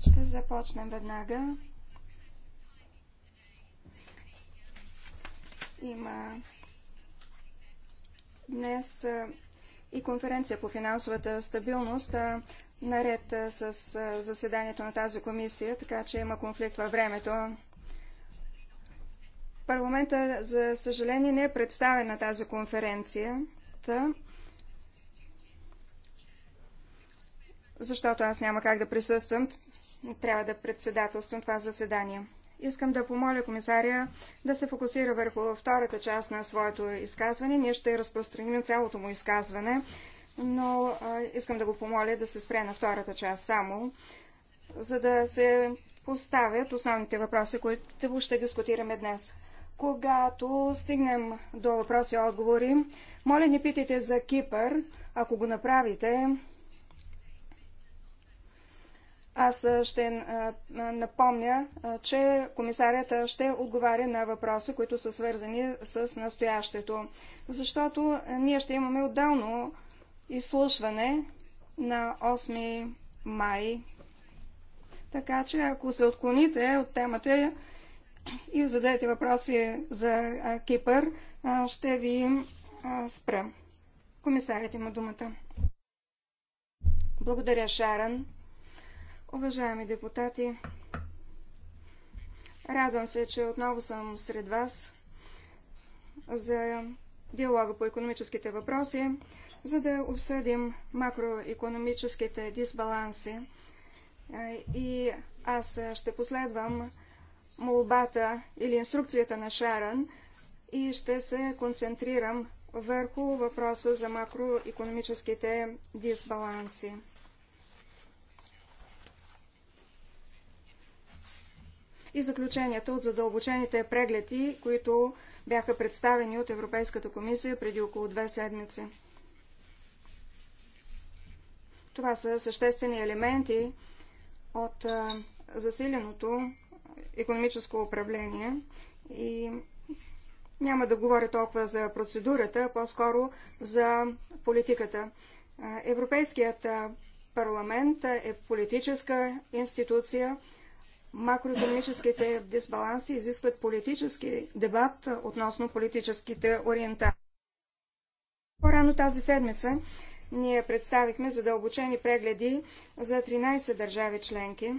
Ще започнем веднага. Има днес и конференция по финансовата стабилност, наред с заседанието на тази комисия, така че има конфликт във времето. Парламента, за съжаление, не е представена тази конференция. защото аз няма как да присъствам. Трябва да председателствам това заседание. Искам да помоля комисария да се фокусира върху втората част на своето изказване. Ние ще разпространим цялото му изказване, но а, искам да го помоля да се спре на втората част само, за да се поставят основните въпроси, които ще дискутираме днес. Когато стигнем до въпроси и отговори, моля не питайте за Кипър. Ако го направите, аз ще напомня, че комисарията ще отговаря на въпроси, които са свързани с настоящето, защото ние ще имаме отделно изслушване на 8 май. Така че, ако се отклоните от темата и зададете въпроси за Кипър, ще ви спра. Комисарят има думата. Благодаря, Шаран. Уважаеми депутати, радвам се, че отново съм сред вас за диалога по економическите въпроси, за да обсъдим макроекономическите дисбаланси. И аз ще последвам молбата или инструкцията на Шаран и ще се концентрирам върху въпроса за макроекономическите дисбаланси. и заключенията от задълбочените прегледи, които бяха представени от Европейската комисия преди около две седмици. Това са съществени елементи от засиленото економическо управление и няма да говоря толкова за процедурата, по-скоро за политиката. Европейският парламент е политическа институция, макроекономическите дисбаланси изискват политически дебат относно политическите ориентации. По-рано тази седмица ние представихме задълбочени прегледи за 13 държави членки.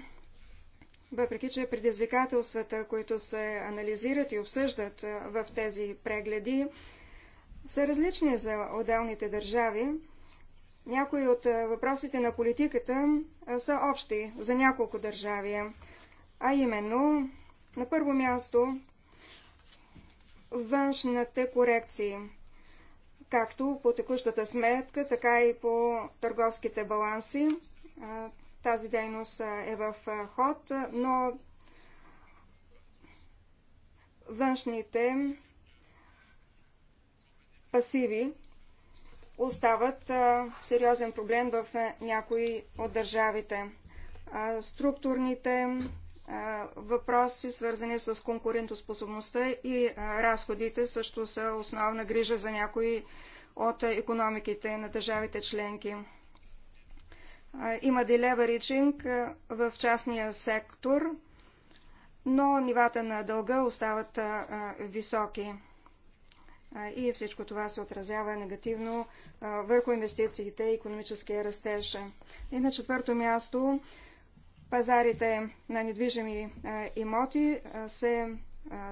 Въпреки, че предизвикателствата, които се анализират и обсъждат в тези прегледи, са различни за отделните държави, някои от въпросите на политиката са общи за няколко държави а именно на първо място външните корекции, както по текущата сметка, така и по търговските баланси. Тази дейност е в ход, но външните пасиви остават сериозен проблем в някои от държавите. Структурните въпроси, свързани с конкурентоспособността и разходите, също са основна грижа за някои от економиките на държавите членки. Има ричинг в частния сектор, но нивата на дълга остават високи. И всичко това се отразява негативно върху инвестициите и економическия растеж. И на четвърто място пазарите на недвижими имоти се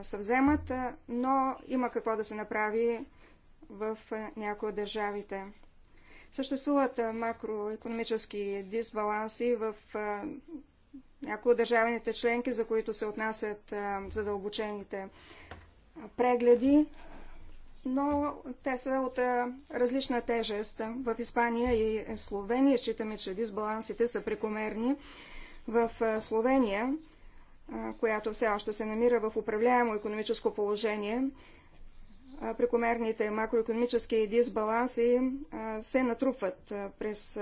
съвземат, но има какво да се направи в някои от държавите. Съществуват макроекономически дисбаланси в някои от държавните членки, за които се отнасят задълбочените прегледи, но те са от различна тежест. В Испания и Словения считаме, че дисбалансите са прекомерни в Словения, която все още се намира в управляемо економическо положение, прекомерните макроекономически дисбаланси се натрупват през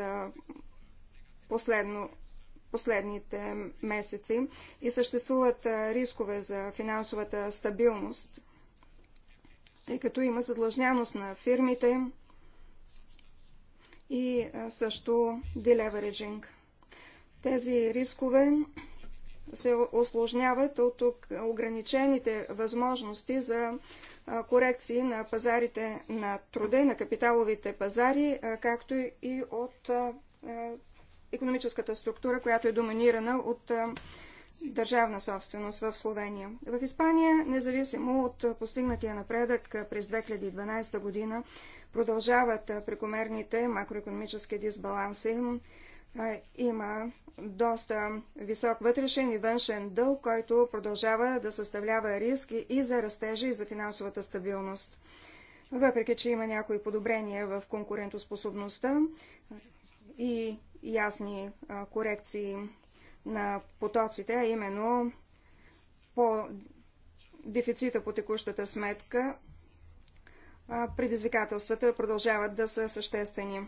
последно, последните месеци и съществуват рискове за финансовата стабилност, тъй като има задлъжняност на фирмите и също делевериджинг. Тези рискове се осложняват от ограничените възможности за корекции на пазарите на труда и на капиталовите пазари, както и от економическата структура, която е доминирана от държавна собственост в Словения. В Испания, независимо от постигнатия напредък през 2012 година, продължават прекомерните макроекономически дисбаланси, има доста висок вътрешен и външен дълг, който продължава да съставлява риски и за растежа, и за финансовата стабилност. Въпреки, че има някои подобрения в конкурентоспособността и ясни корекции на потоците, а именно по дефицита по текущата сметка, предизвикателствата продължават да са съществени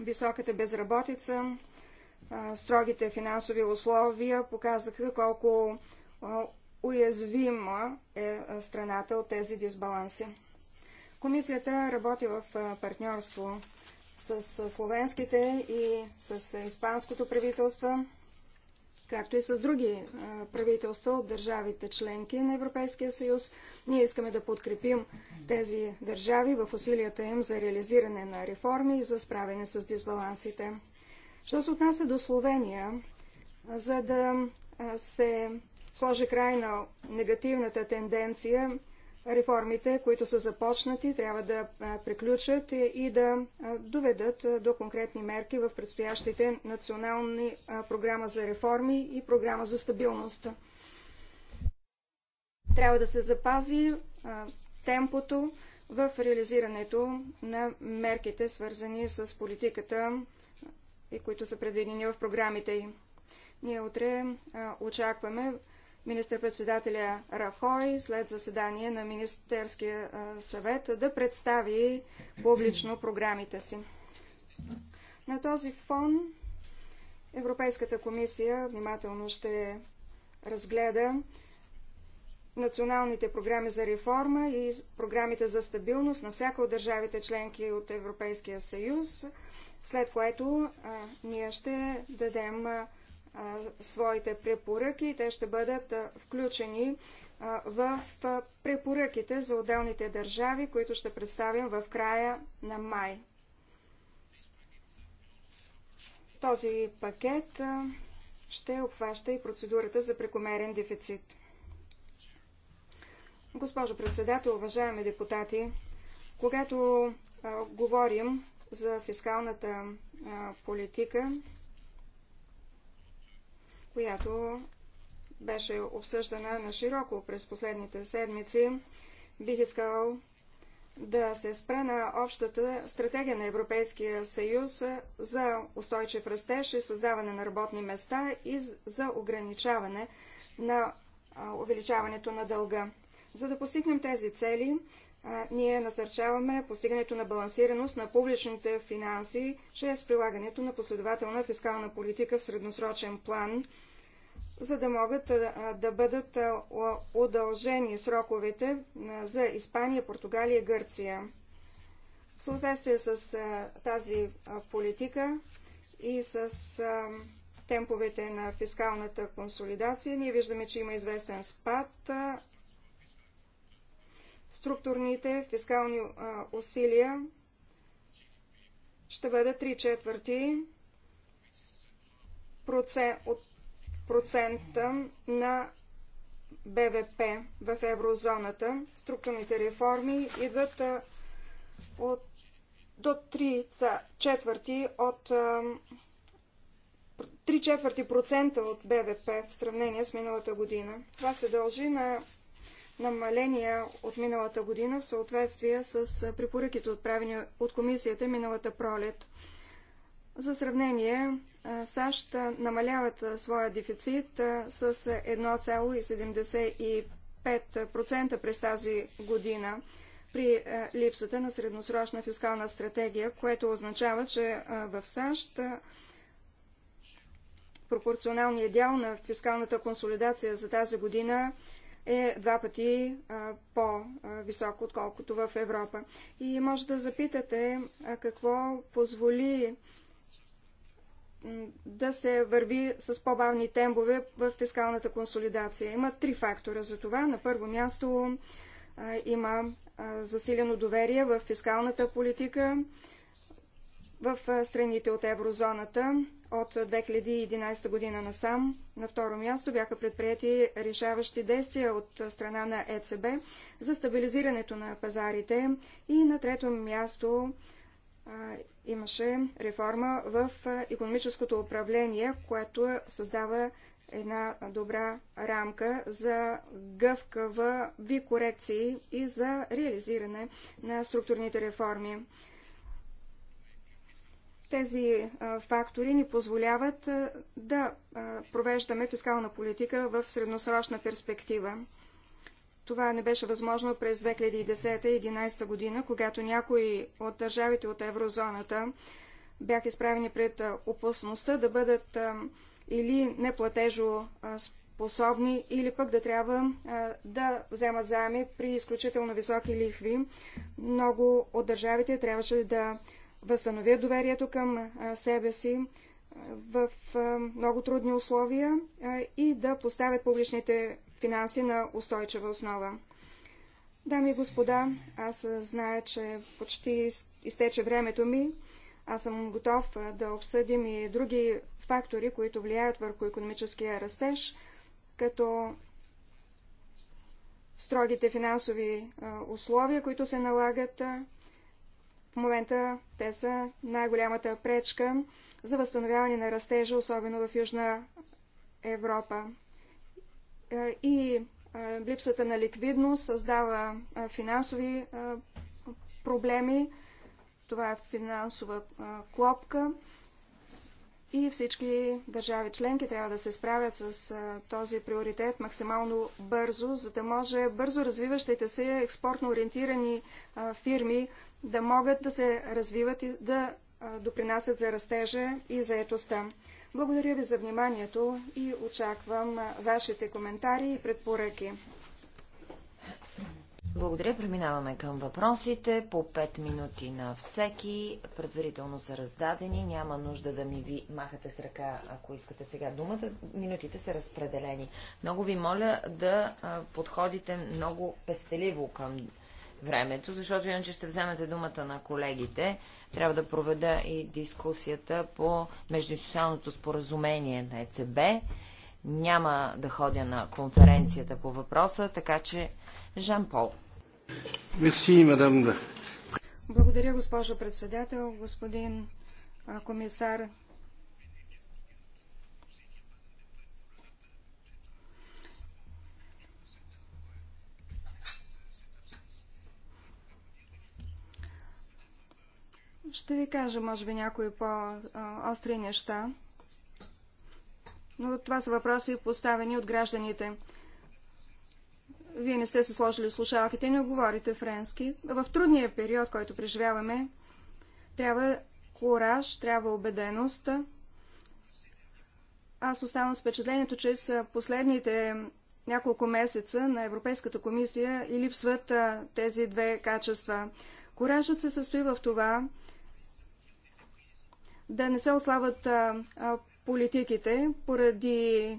високата безработица, строгите финансови условия показаха колко уязвима е страната от тези дисбаланси. Комисията работи в партньорство с словенските и с испанското правителство както и с други правителства от държавите членки на Европейския съюз. Ние искаме да подкрепим тези държави в усилията им за реализиране на реформи и за справяне с дисбалансите. Що се отнася до Словения, за да се сложи край на негативната тенденция, реформите, които са започнати, трябва да приключат и да доведат до конкретни мерки в предстоящите национални програма за реформи и програма за стабилност. Трябва да се запази темпото в реализирането на мерките, свързани с политиката и които са предвидени в програмите й. Ние утре очакваме министър-председателя Рахой след заседание на Министерския съвет да представи публично програмите си. На този фон Европейската комисия внимателно ще разгледа националните програми за реформа и програмите за стабилност на всяка от държавите членки от Европейския съюз, след което а, ние ще дадем а, своите препоръки и те ще бъдат включени в препоръките за отделните държави, които ще представим в края на май. Този пакет ще обхваща и процедурата за прекомерен дефицит. Госпожо председател, уважаеми депутати, когато говорим за фискалната политика, която беше обсъждана на широко през последните седмици. Бих искал да се спра на общата стратегия на Европейския съюз за устойчив растеж и създаване на работни места и за ограничаване на увеличаването на дълга. За да постигнем тези цели, ние насърчаваме постигането на балансираност на публичните финанси чрез прилагането на последователна фискална политика в средносрочен план – за да могат да бъдат удължени сроковете за Испания, Португалия и Гърция. В съответствие с тази политика и с темповете на фискалната консолидация, ние виждаме, че има известен спад. Структурните фискални усилия ще бъдат 3 четвърти от процента на БВП в еврозоната. Структурните реформи идват от, до 3 четвърти от 3 четвърти процента от БВП в сравнение с миналата година. Това се дължи на намаления от миналата година в съответствие с препоръките отправени от комисията миналата пролет. За сравнение, САЩ намаляват своя дефицит с 1,75% през тази година при липсата на средносрочна фискална стратегия, което означава, че в САЩ пропорционалният дял на фискалната консолидация за тази година е два пъти по-висок, отколкото в Европа. И може да запитате какво позволи да се върви с по-бавни темпове в фискалната консолидация. Има три фактора за това. На първо място има засилено доверие в фискалната политика в страните от еврозоната от 2011 година насам. На второ място бяха предприяти решаващи действия от страна на ЕЦБ за стабилизирането на пазарите и на трето място имаше реформа в економическото управление, което създава една добра рамка за гъвкава ви корекции и за реализиране на структурните реформи. Тези фактори ни позволяват да провеждаме фискална политика в средносрочна перспектива. Това не беше възможно през 2010-2011 година, когато някои от държавите от еврозоната бяха изправени пред опасността да бъдат или неплатежоспособни, или пък да трябва да вземат заеми при изключително високи лихви. Много от държавите трябваше да възстановят доверието към себе си в много трудни условия и да поставят публичните финанси на устойчива основа. Дами и господа, аз зная, че почти изтече времето ми. Аз съм готов да обсъдим и други фактори, които влияят върху економическия растеж, като строгите финансови условия, които се налагат. В момента те са най-голямата пречка за възстановяване на растежа, особено в Южна Европа. Е, и е, липсата на ликвидност създава е, финансови проблеми. Това е финансова клопка и всички държави членки трябва да се справят с този приоритет максимално бързо, за да може бързо развиващите се експортно ориентирани фирми да могат да се развиват и да допринасят за растежа и заетостта. Благодаря ви за вниманието и очаквам вашите коментари и предпоръки. Благодаря. Преминаваме към въпросите. По 5 минути на всеки. Предварително са раздадени. Няма нужда да ми ви махате с ръка, ако искате сега думата. Минутите са разпределени. Много ви моля да подходите много пестеливо към времето, защото иначе ще вземете думата на колегите. Трябва да проведа и дискусията по междусоциалното споразумение на ЕЦБ. Няма да ходя на конференцията по въпроса, така че Жан Пол. Мерси, мадам. Благодаря, госпожо председател, господин комисар. Ще ви кажа, може би, някои по-остри неща. Но това са въпроси, поставени от гражданите. Вие не сте се сложили слушалките не говорите френски. В трудния период, който преживяваме, трябва кураж, трябва убеденост. Аз оставам с впечатлението, че с последните няколко месеца на Европейската комисия и липсват тези две качества. Коражът се състои в това, да не се ослабват политиките поради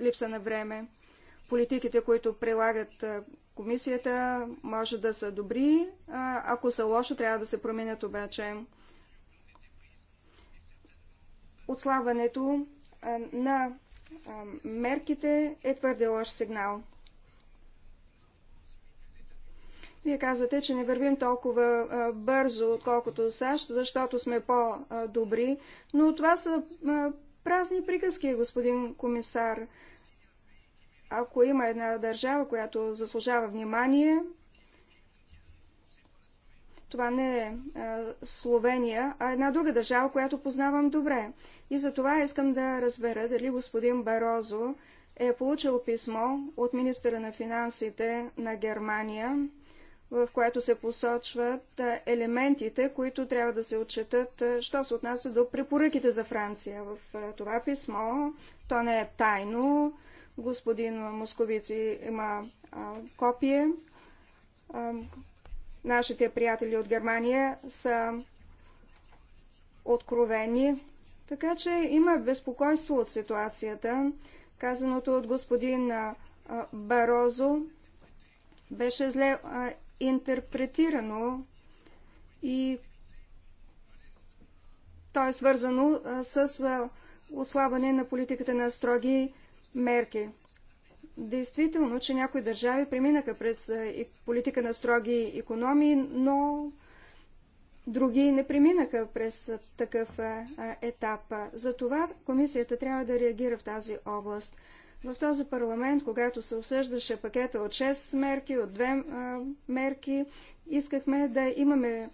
липса на време. Политиките, които прилагат комисията, може да са добри, ако са лоши, трябва да се променят обаче. Отслабването на мерките е твърде лош сигнал. Вие казвате, че не вървим толкова бързо, отколкото САЩ, защото сме по-добри, но това са празни приказки, господин комисар. Ако има една държава, която заслужава внимание, това не е Словения, а една друга държава, която познавам добре. И за това искам да разбера дали господин Барозо е получил писмо от министъра на финансите на Германия в което се посочват елементите, които трябва да се отчетат, що се отнася до препоръките за Франция. В това писмо, то не е тайно, господин Московици има а, копие. А, нашите приятели от Германия са откровени. Така че има безпокойство от ситуацията. Казаното от господин Барозо беше зле а, интерпретирано и то е свързано с отслабване на политиката на строги мерки. Действително, че някои държави преминаха през политика на строги економии, но други не преминаха през такъв етап. Затова комисията трябва да реагира в тази област. В този парламент, когато се обсъждаше пакета от 6 мерки, от 2 мерки, искахме да имаме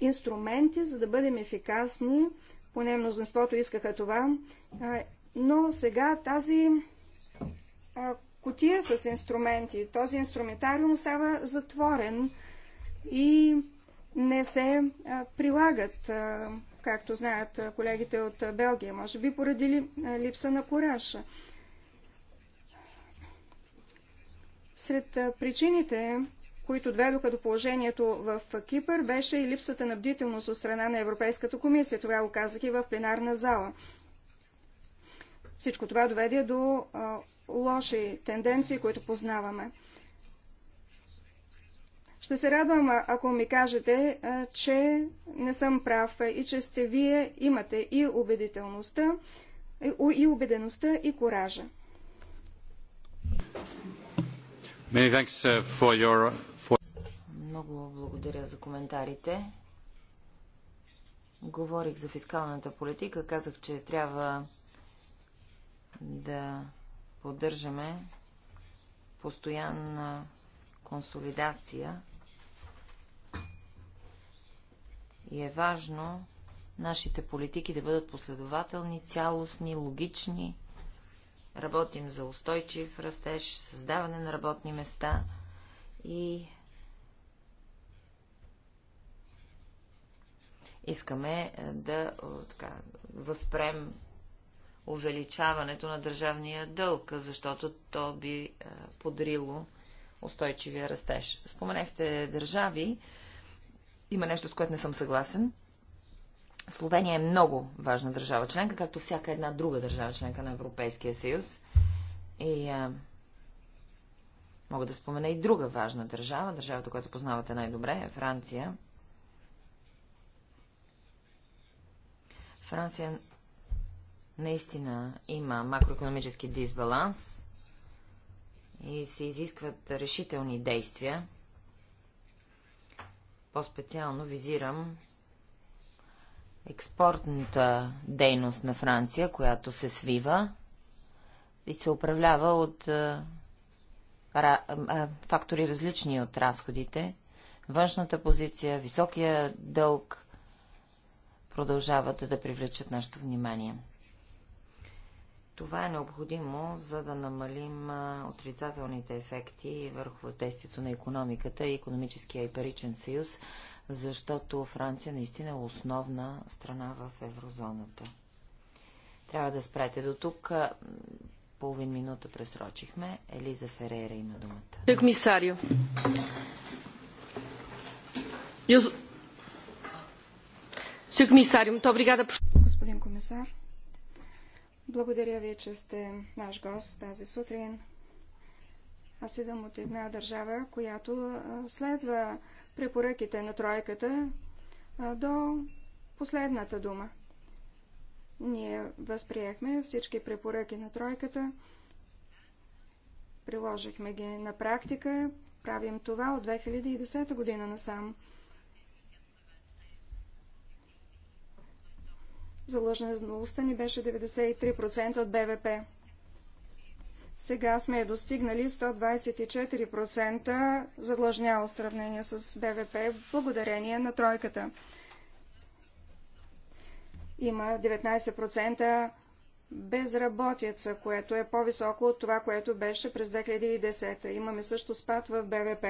инструменти, за да бъдем ефикасни. Поне мнозинството искаха това. Но сега тази котия с инструменти, този инструментариум става затворен и не се прилагат, както знаят колегите от Белгия, може би поради липса на кураша. Сред причините, които доведоха до положението в Кипър, беше и липсата на бдителност от страна на Европейската комисия. Това го казах и в пленарна зала. Всичко това доведе до а, лоши тенденции, които познаваме. Ще се радвам, ако ми кажете, а, че не съм прав и че сте вие имате и убедителността, и, и убедеността, и коража. Uh, your... Много благодаря за коментарите. Говорих за фискалната политика. Казах, че трябва да поддържаме постоянна консолидация и е важно нашите политики да бъдат последователни, цялостни, логични Работим за устойчив растеж, създаване на работни места и искаме е, да така, възпрем увеличаването на държавния дълг, защото то би е, подрило устойчивия растеж. Споменахте държави. Има нещо, с което не съм съгласен. Словения е много важна държава членка, както всяка една друга държава членка на Европейския съюз. И а, мога да спомена и друга важна държава, държавата, която познавате най-добре, е Франция. Франция наистина има макроекономически дисбаланс и се изискват решителни действия. По-специално визирам експортната дейност на Франция, която се свива и се управлява от а, а, фактори различни от разходите. Външната позиция, високия дълг продължават да привлечат нашето внимание. Това е необходимо, за да намалим отрицателните ефекти върху въздействието на економиката и економическия и паричен съюз, защото Франция наистина е основна страна в еврозоната. Трябва да спрете до тук. Половин минута пресрочихме. Елиза Ферера има думата. Комисарио. Господин комисар, благодаря ви, че сте наш гост тази сутрин. Аз идвам от една държава, която следва препоръките на тройката до последната дума. Ние възприехме всички препоръки на тройката, приложихме ги на практика, правим това от 2010 година насам. Заложеността ни беше 93% от БВП. Сега сме достигнали 124% задлъжняло в сравнение с БВП, благодарение на тройката. Има 19% безработица, което е по-високо от това, което беше през 2010. Имаме също спад в БВП.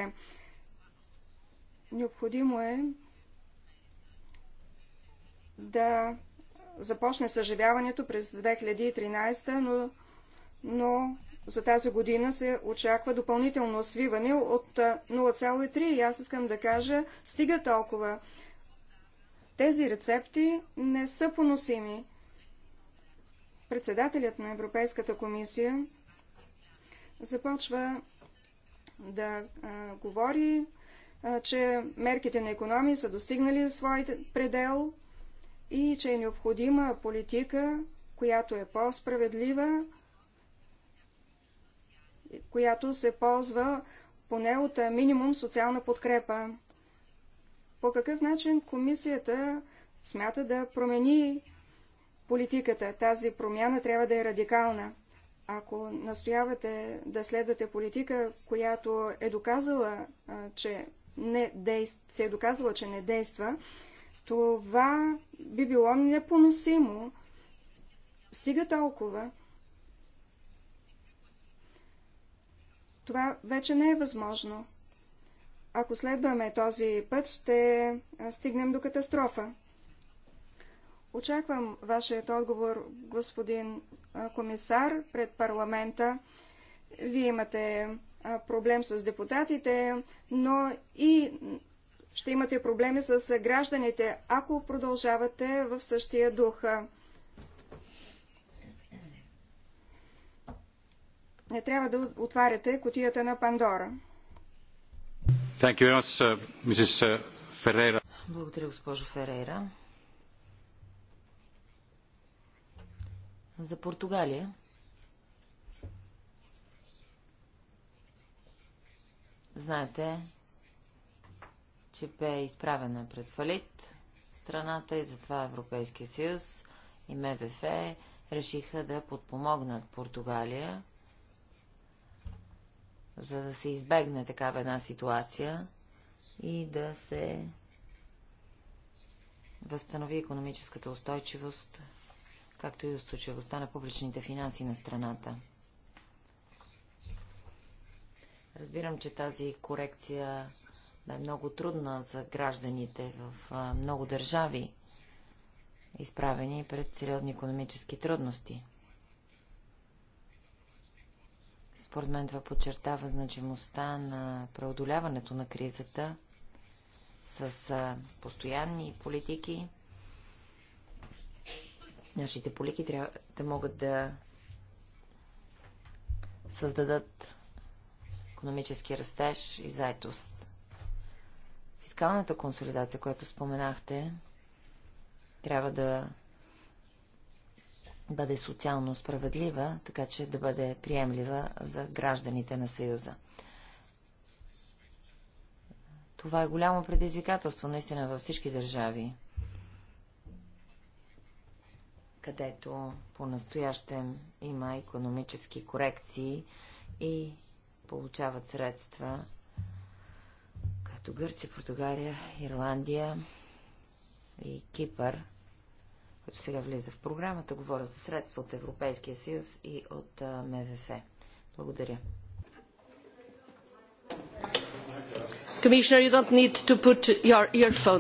Необходимо е да започне съживяването през 2013, но, но за тази година се очаква допълнително свиване от 0,3 и аз искам да кажа, стига толкова. Тези рецепти не са поносими. Председателят на Европейската комисия започва да а, говори, а, че мерките на економии са достигнали свой предел и че е необходима политика, която е по-справедлива, която се ползва поне от минимум социална подкрепа. По какъв начин комисията смята да промени политиката? Тази промяна трябва да е радикална. Ако настоявате да следвате политика, която е доказала, че не действ... се е доказала, че не действа, това би било непоносимо. Стига толкова. Това вече не е възможно. Ако следваме този път, ще стигнем до катастрофа. Очаквам вашият отговор, господин комисар, пред парламента. Вие имате проблем с депутатите, но и ще имате проблеми с гражданите, ако продължавате в същия дух. не трябва да отваряте котията на Пандора. Uh, Благодаря, госпожо Ферейра. За Португалия. Знаете, че бе изправена пред фалит страната и затова Европейския съюз и МВФ решиха да подпомогнат Португалия за да се избегне такава една ситуация и да се възстанови економическата устойчивост, както и устойчивостта на публичните финанси на страната. Разбирам, че тази корекция е много трудна за гражданите в много държави, изправени пред сериозни економически трудности. Според мен това подчертава значимостта на преодоляването на кризата с постоянни политики. Нашите политики трябва да могат да създадат економически растеж и заетост. Фискалната консолидация, която споменахте, трябва да бъде социално справедлива, така че да бъде приемлива за гражданите на Съюза. Това е голямо предизвикателство наистина във всички държави, където по-настоящем има економически корекции и получават средства, като Гърция, Португалия, Ирландия и Кипър – като сега влиза в програмата. Говоря за средства от Европейския съюз и от МВФ. Благодаря.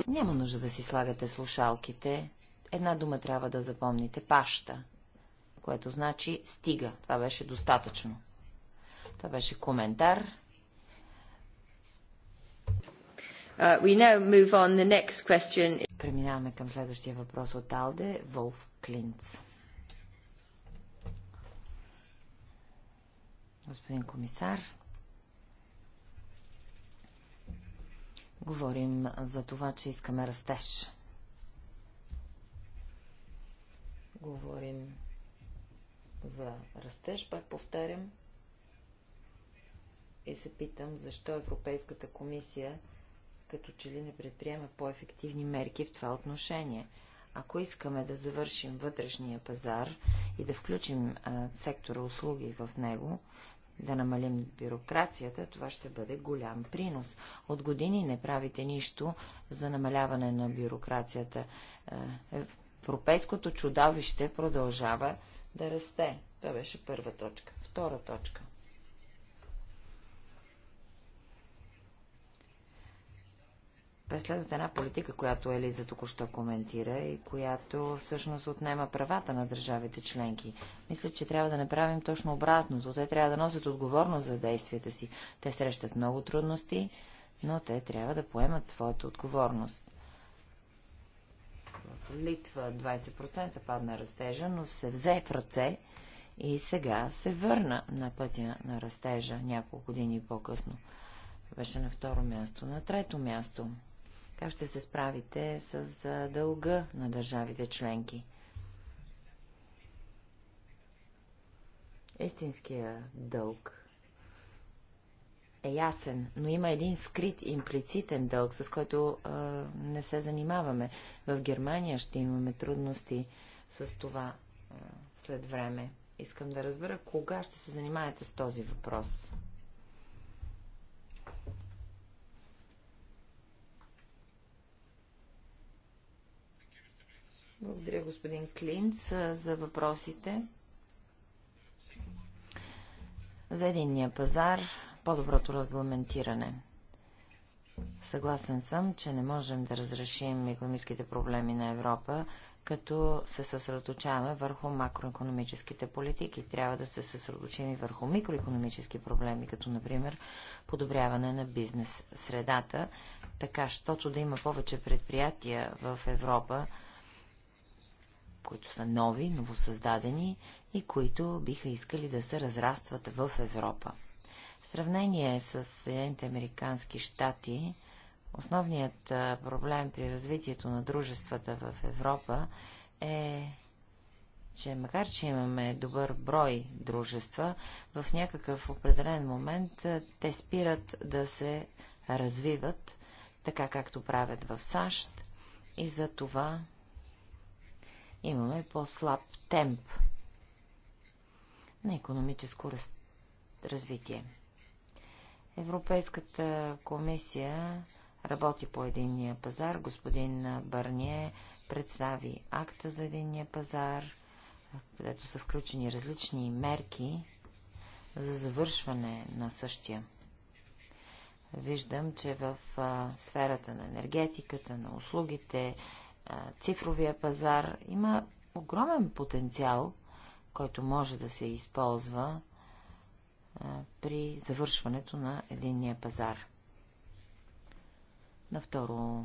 Няма нужда да си слагате слушалките. Една дума трябва да запомните. Паща. Което значи стига. Това беше достатъчно. Това беше коментар. Uh, Преминаваме към следващия въпрос от Алде, Волф Клинц. Господин комисар, говорим за това, че искаме растеж. Говорим за растеж, пак повтарям. И се питам, защо Европейската комисия като че ли не предприема по-ефективни мерки в това отношение. Ако искаме да завършим вътрешния пазар и да включим а, сектора услуги в него, да намалим бюрокрацията, това ще бъде голям принос. От години не правите нищо за намаляване на бюрокрацията. Е, европейското чудовище продължава да расте. Това беше първа точка. Втора точка. преследват една политика, която Елиза току-що коментира и която всъщност отнема правата на държавите членки. Мисля, че трябва да направим точно обратното. Те трябва да носят отговорност за действията си. Те срещат много трудности, но те трябва да поемат своята отговорност. В Литва 20% падна растежа, но се взе в ръце и сега се върна на пътя на растежа няколко години по-късно. Беше на второ място. На трето място как ще се справите с дълга на държавите членки? Истинския дълг е ясен, но има един скрит, имплицитен дълг, с който а, не се занимаваме. В Германия ще имаме трудности с това а, след време. Искам да разбера кога ще се занимаете с този въпрос. Благодаря, господин Клинц, за въпросите. За единния пазар, по-доброто регламентиране. Съгласен съм, че не можем да разрешим економическите проблеми на Европа, като се съсредоточаваме върху макроекономическите политики. Трябва да се съсредоточим и върху микроекономически проблеми, като например подобряване на бизнес средата, така щото да има повече предприятия в Европа, които са нови, новосъздадени и които биха искали да се разрастват в Европа. В сравнение с Съединените Американски щати, основният проблем при развитието на дружествата в Европа е че макар, че имаме добър брой дружества, в някакъв определен момент те спират да се развиват, така както правят в САЩ. И за това имаме по-слаб темп на економическо раз... развитие. Европейската комисия работи по единния пазар. Господин Барние представи акта за единния пазар, където са включени различни мерки за завършване на същия. Виждам, че в сферата на енергетиката, на услугите, цифровия пазар има огромен потенциал, който може да се използва при завършването на единния пазар. На второ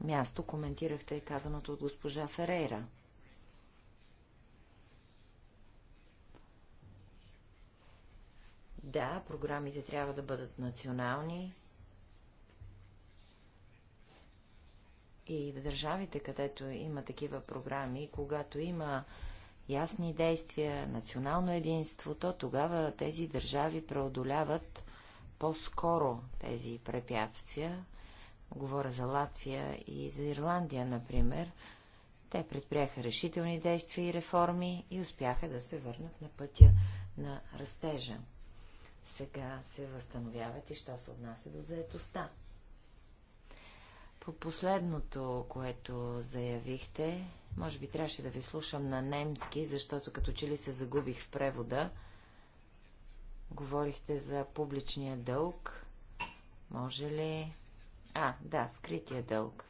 място коментирахте казаното от госпожа Ферейра. Да, програмите трябва да бъдат национални, И в държавите, където има такива програми, когато има ясни действия, национално единство, то тогава тези държави преодоляват по-скоро тези препятствия. Говоря за Латвия и за Ирландия, например. Те предприеха решителни действия и реформи и успяха да се върнат на пътя на растежа. Сега се възстановяват и що се отнася до заетостта. По последното, което заявихте, може би трябваше да ви слушам на немски, защото като че ли се загубих в превода. Говорихте за публичния дълг. Може ли... А, да, скрития дълг.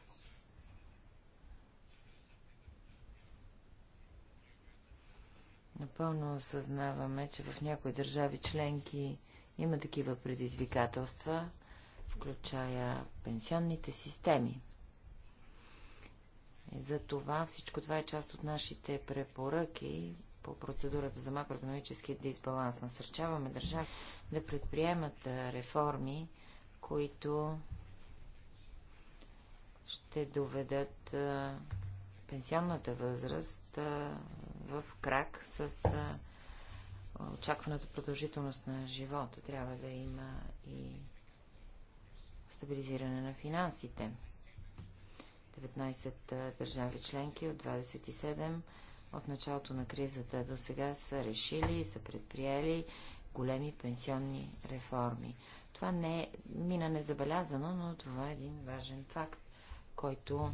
Напълно осъзнаваме, че в някои държави членки има такива предизвикателства, включая пенсионните системи. Е, за това всичко това е част от нашите препоръки по процедурата за макроекономически дисбаланс. Насърчаваме държави да предприемат реформи, които ще доведат пенсионната възраст в крак с очакваната продължителност на живота. Трябва да има и стабилизиране на финансите. 19 държави членки от 27 от началото на кризата до сега са решили и са предприели големи пенсионни реформи. Това не е, мина незабелязано, но това е един важен факт, който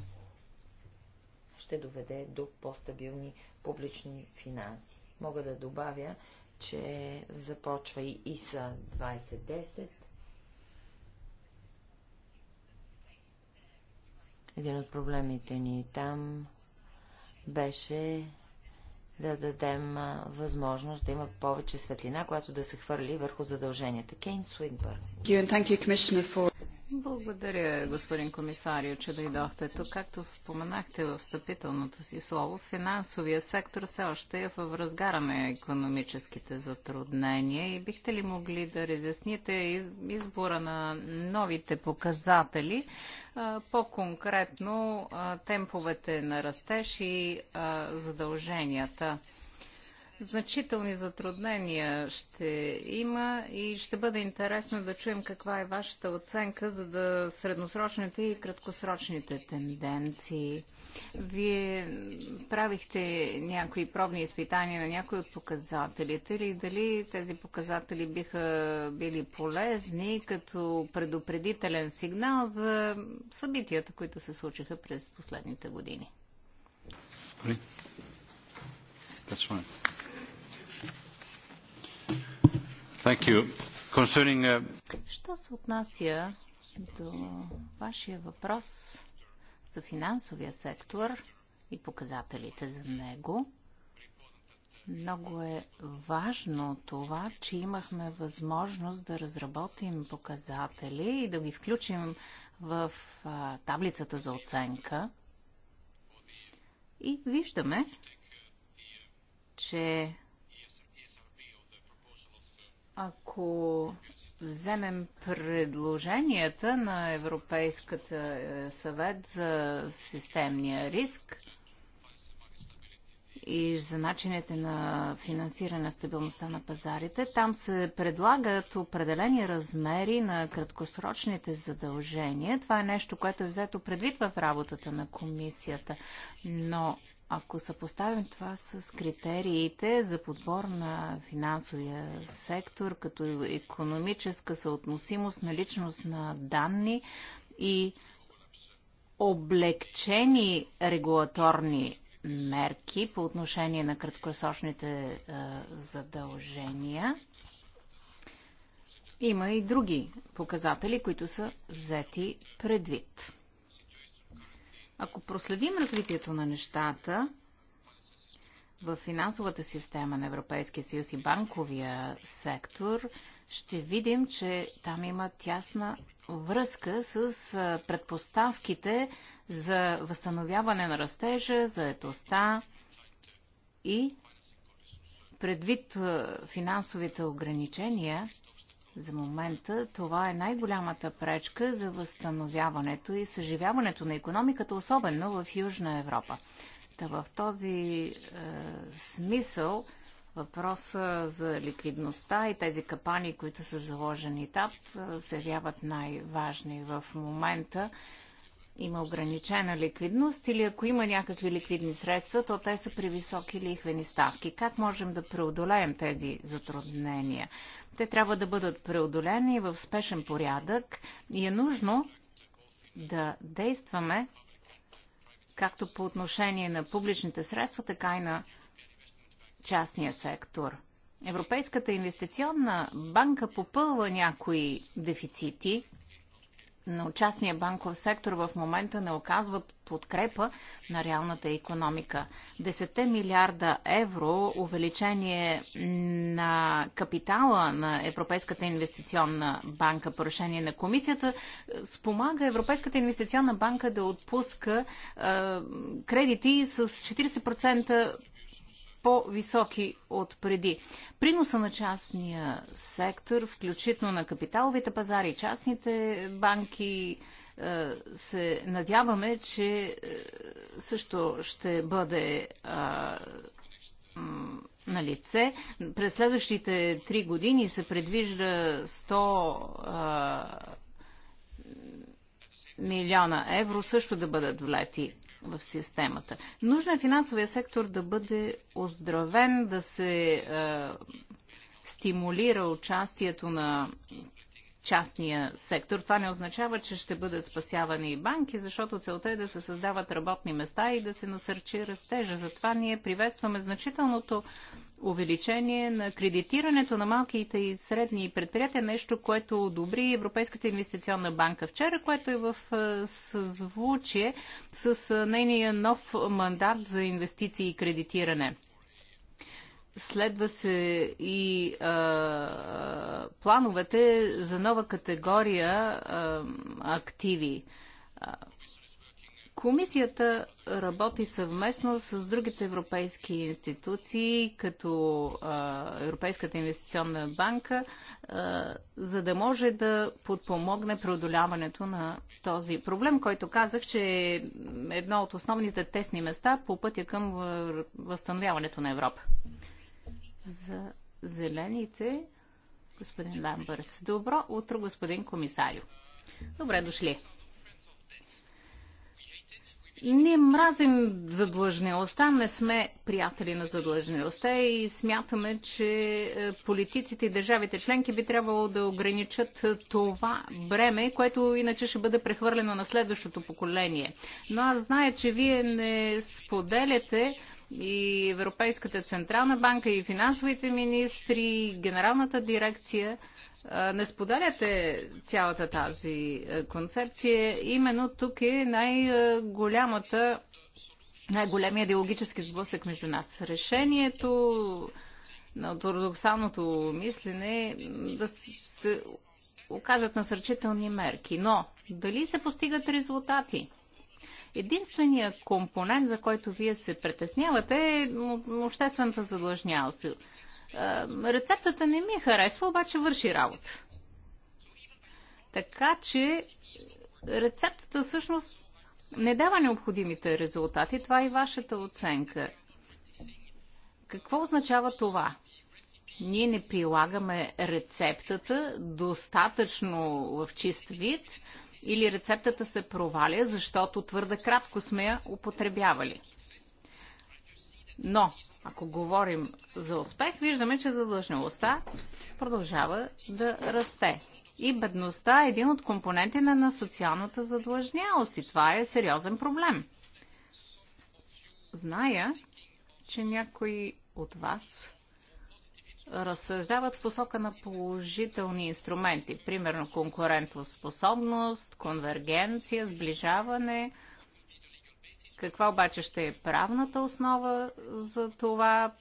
ще доведе до по-стабилни публични финанси. Мога да добавя, че започва и ИСА 2010, Един от проблемите ни там беше да дадем възможност да има повече светлина, която да се хвърли върху задълженията. Кейн Суинбърн. Благодаря, господин комисарио, че дойдохте тук. Както споменахте в встъпителното си слово, финансовия сектор все още е в разгара на економическите затруднения и бихте ли могли да разясните избора на новите показатели, по-конкретно темповете на растеж и задълженията? Значителни затруднения ще има и ще бъде интересно да чуем каква е вашата оценка за да средносрочните и краткосрочните тенденции. Вие правихте някои пробни изпитания на някои от показателите или дали тези показатели биха били полезни като предупредителен сигнал за събитията, които се случиха през последните години? Нали? That's Concerning... Uh, Що се отнася до вашия въпрос за финансовия сектор и показателите за него, много е важно това, че имахме възможност да разработим показатели и да ги включим в а, таблицата за оценка. И виждаме, че ако вземем предложенията на Европейската е, съвет за системния риск и за начините на финансиране на стабилността на пазарите, там се предлагат определени размери на краткосрочните задължения. Това е нещо, което е взето предвид в работата на комисията. Но ако съпоставим това с критериите за подбор на финансовия сектор като економическа съотносимост на личност на данни и облегчени регулаторни мерки по отношение на краткосрочните е, задължения, има и други показатели, които са взети предвид. Ако проследим развитието на нещата в финансовата система на Европейския съюз и банковия сектор, ще видим, че там има тясна връзка с предпоставките за възстановяване на растежа, етоста и предвид финансовите ограничения, за момента това е най-голямата пречка за възстановяването и съживяването на економиката, особено в Южна Европа. Та в този е, смисъл въпроса за ликвидността и тези капани, които са заложени там, е, се явяват най-важни в момента има ограничена ликвидност или ако има някакви ликвидни средства, то те са при високи лихвени ставки. Как можем да преодолеем тези затруднения? Те трябва да бъдат преодолени в спешен порядък и е нужно да действаме както по отношение на публичните средства, така и на частния сектор. Европейската инвестиционна банка попълва някои дефицити, на частния банков сектор в момента не оказва подкрепа на реалната економика. 10 милиарда евро увеличение на капитала на Европейската инвестиционна банка по решение на комисията спомага Европейската инвестиционна банка да отпуска е, кредити с 40% по-високи от преди. Приноса на частния сектор, включително на капиталовите пазари, частните банки, е, се надяваме, че е, също ще бъде а, е, на лице. През следващите три години се предвижда 100 а, милиона евро също да бъдат влети в системата. Нужно е финансовия сектор да бъде оздравен, да се е, стимулира участието на частния сектор. Това не означава, че ще бъдат спасявани и банки, защото целта е да се създават работни места и да се насърчи растежа. Затова ние приветстваме значителното увеличение на кредитирането на малките и средни предприятия, нещо, което одобри Европейската инвестиционна банка вчера, което е в съзвучие с нейния нов мандат за инвестиции и кредитиране. Следва се и а, плановете за нова категория а, активи. Комисията работи съвместно с другите европейски институции, като Европейската инвестиционна банка, за да може да подпомогне преодоляването на този проблем, който казах, че е едно от основните тесни места по пътя към възстановяването на Европа. За зелените, господин Ламбърс. Добро утро, господин комисарю. Добре дошли. Ние мразим задлъжнялостта, не сме приятели на задлъжнялостта и смятаме, че е, политиците и държавите членки би трябвало да ограничат е, това бреме, което иначе ще бъде прехвърлено на следващото поколение. Но аз зная, че вие не споделяте и Европейската Централна банка, и финансовите министри, и Генералната дирекция – не споделяте цялата тази концепция. Именно тук е най-голямата, най-големия идеологически сблъсък между нас. Решението на ортодоксалното мислене да се окажат насърчителни мерки. Но дали се постигат резултати? Единственият компонент, за който вие се притеснявате е обществената задлъжнялост рецептата не ми е харесва, обаче върши работа. Така че рецептата всъщност не дава необходимите резултати. Това е и вашата оценка. Какво означава това? Ние не прилагаме рецептата достатъчно в чист вид или рецептата се проваля, защото твърде кратко сме я употребявали. Но, ако говорим за успех, виждаме, че задлъжнилостта продължава да расте. И бедността е един от компоненти на, на социалната задлъжнялост и това е сериозен проблем. Зная, че някои от вас разсъждават в посока на положителни инструменти, примерно конкурентоспособност, конвергенция, сближаване – каква обаче ще е правната основа за това?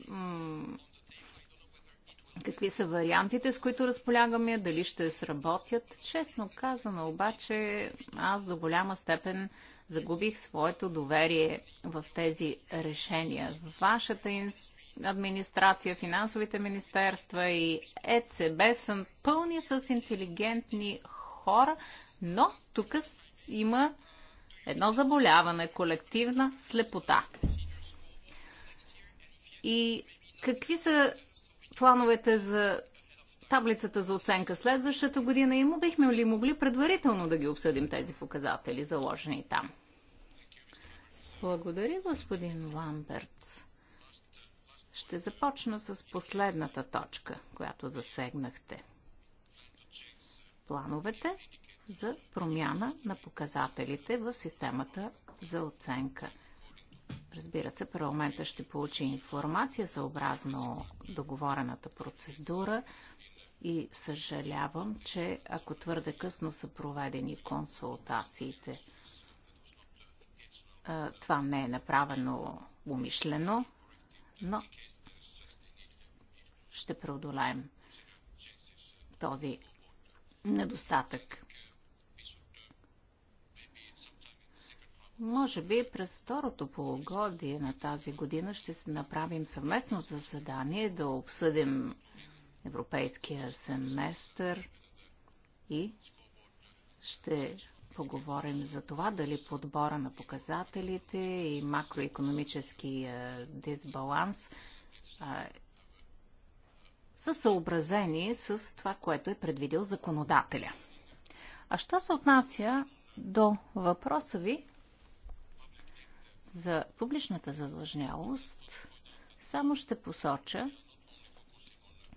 Какви са вариантите, с които разполягаме? Дали ще сработят? Честно казано, обаче, аз до голяма степен загубих своето доверие в тези решения. Вашата администрация, финансовите министерства и ЕЦБ са пълни с интелигентни хора, но тук има едно заболяване, колективна слепота. И какви са плановете за таблицата за оценка следващата година и му бихме ли могли предварително да ги обсъдим тези показатели, заложени там? Благодаря, господин Ламбертс. Ще започна с последната точка, която засегнахте. Плановете за промяна на показателите в системата за оценка. Разбира се, парламента ще получи информация съобразно договорената процедура и съжалявам, че ако твърде късно са проведени консултациите, това не е направено умишлено, но ще преодолеем този недостатък. Може би през второто полугодие на тази година ще се направим съвместно заседание да обсъдим европейския семестър и ще поговорим за това дали подбора на показателите и макроекономически е, дисбаланс са съобразени с това, което е предвидил законодателя. А що се отнася до въпроса ви, за публичната задлъжнялост само ще посоча,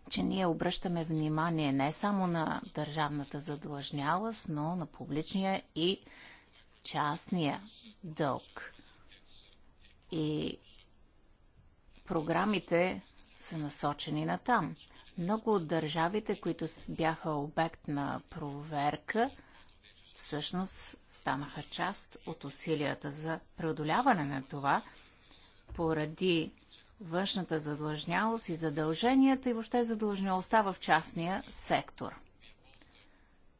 че ние обръщаме внимание не само на държавната задлъжнялост, но на публичния и частния дълг. И програмите са насочени на там. Много от държавите, които бяха обект на проверка, всъщност станаха част от усилията за преодоляване на това, поради външната задлъжнялост и задълженията и въобще задлъжнялостта в частния сектор.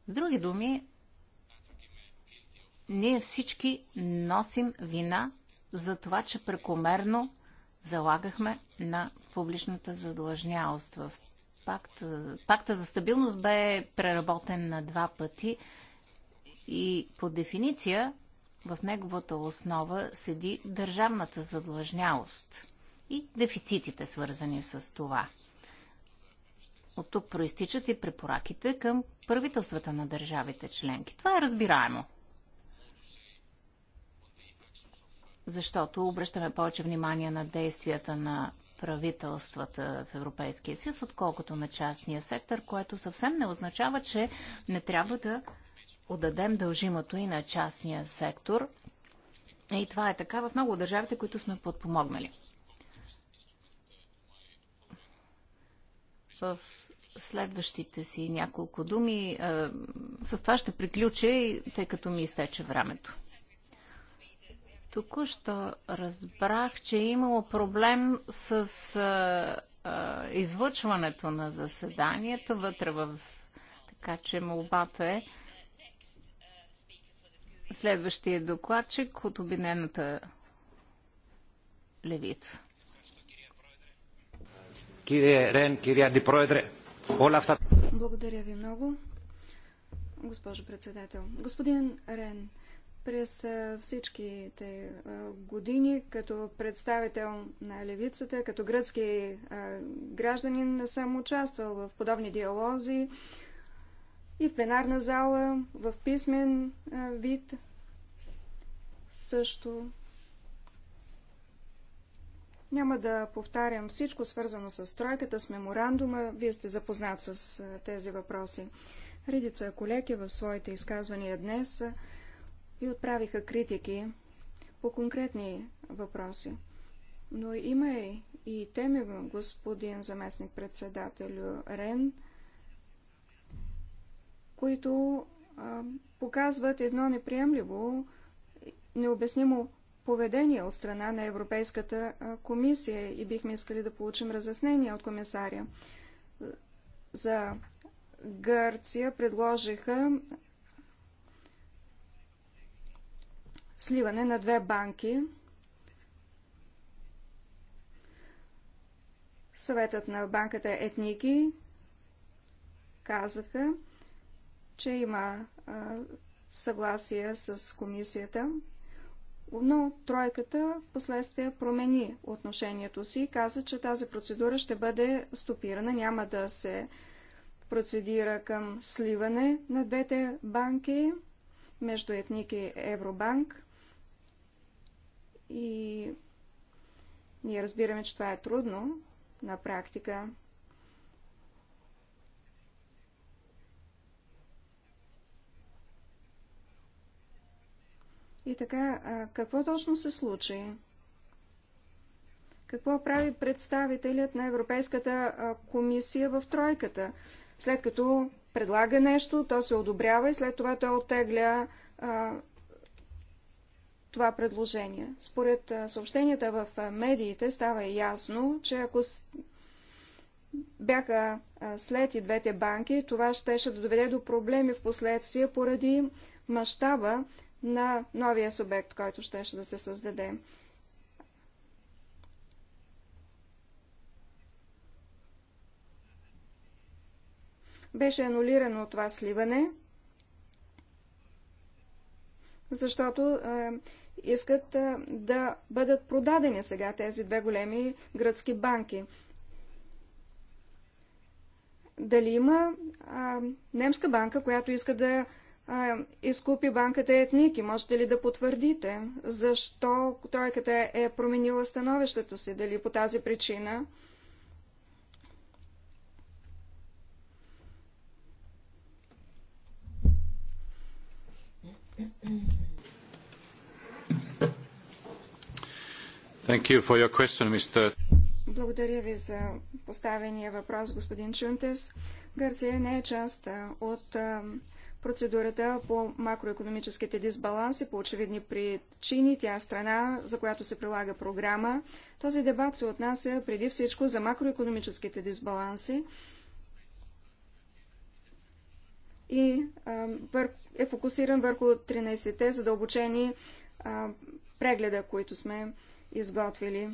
С други думи, ние всички носим вина за това, че прекомерно залагахме на публичната задлъжнялост. В пакта, пакта за стабилност бе преработен на два пъти – и по дефиниция в неговата основа седи държавната задлъжнялост и дефицитите, свързани с това. От тук проистичат и препораките към правителствата на държавите членки. Това е разбираемо. Защото обръщаме повече внимание на действията на правителствата в Европейския съюз, отколкото на частния сектор, което съвсем не означава, че не трябва да отдадем дължимото и на частния сектор. И това е така в много от държавите, които сме подпомогнали. В следващите си няколко думи. Е, с това ще приключа, тъй като ми изтече времето. Току-що разбрах, че е имало проблем с е, е, излъчването на заседанията вътре в... Така че молбата е Следващия е докладчик от Обединената левица. Кирия Рен, кирия Благодаря ви много, госпожо председател. Господин Рен, през всичките години като представител на левицата, като гръцки гражданин, съм участвал в подобни диалози и в пленарна зала, в писмен вид също. Няма да повтарям всичко свързано с тройката, с меморандума. Вие сте запознат с тези въпроси. Редица колеги в своите изказвания днес ви отправиха критики по конкретни въпроси. Но има и теми, господин заместник председател Рен, които а, показват едно неприемливо, необяснимо поведение от страна на Европейската комисия и бихме искали да получим разяснение от комисаря. За Гърция предложиха сливане на две банки. Съветът на банката Етники казаха, че има а, съгласие с комисията, но тройката в последствие промени отношението си и каза, че тази процедура ще бъде стопирана, няма да се процедира към сливане на двете банки между етники Евробанк. И ние разбираме, че това е трудно на практика. И така, а какво точно се случи? Какво прави представителят на Европейската комисия в тройката? След като предлага нещо, то се одобрява и след това той оттегля а, това предложение. Според съобщенията в медиите става ясно, че ако бяха след и двете банки, това щеше да доведе до проблеми в последствие поради мащаба на новия субект, който щеше да се създаде. Беше анулирано това сливане, защото е, искат е, да бъдат продадени сега тези две големи гръцки банки дали има а, немска банка, която иска да изкупи банката е и Можете ли да потвърдите защо тройката е променила становището си? Дали по тази причина? You question, Благодаря ви за поставения въпрос, господин Чунтес. Гърция не е част от Процедурата по макроекономическите дисбаланси по очевидни причини, тя е страна, за която се прилага програма. Този дебат се отнася преди всичко за макроекономическите дисбаланси и е фокусиран върху 13-те задълбочени прегледа, които сме изготвили.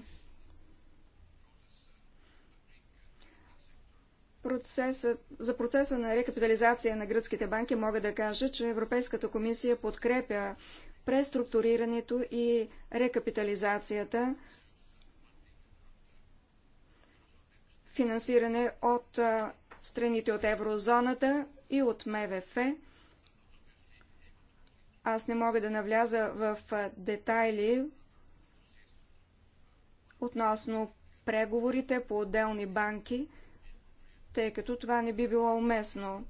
процеса, за процеса на рекапитализация на гръцките банки мога да кажа, че Европейската комисия подкрепя преструктурирането и рекапитализацията, финансиране от страните от еврозоната и от МВФ. Аз не мога да навляза в детайли относно преговорите по отделни банки, тъй като това не би било уместно.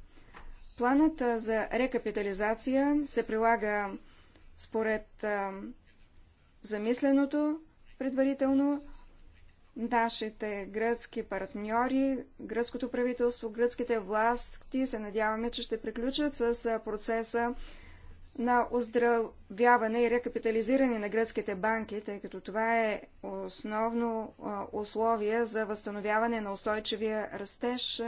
Планът за рекапитализация се прилага според а, замисленото предварително. Нашите гръцки партньори, гръцкото правителство, гръцките власти се надяваме, че ще приключат с процеса на оздравяване и рекапитализиране на гръцките банки, тъй като това е основно условие за възстановяване на устойчивия растеж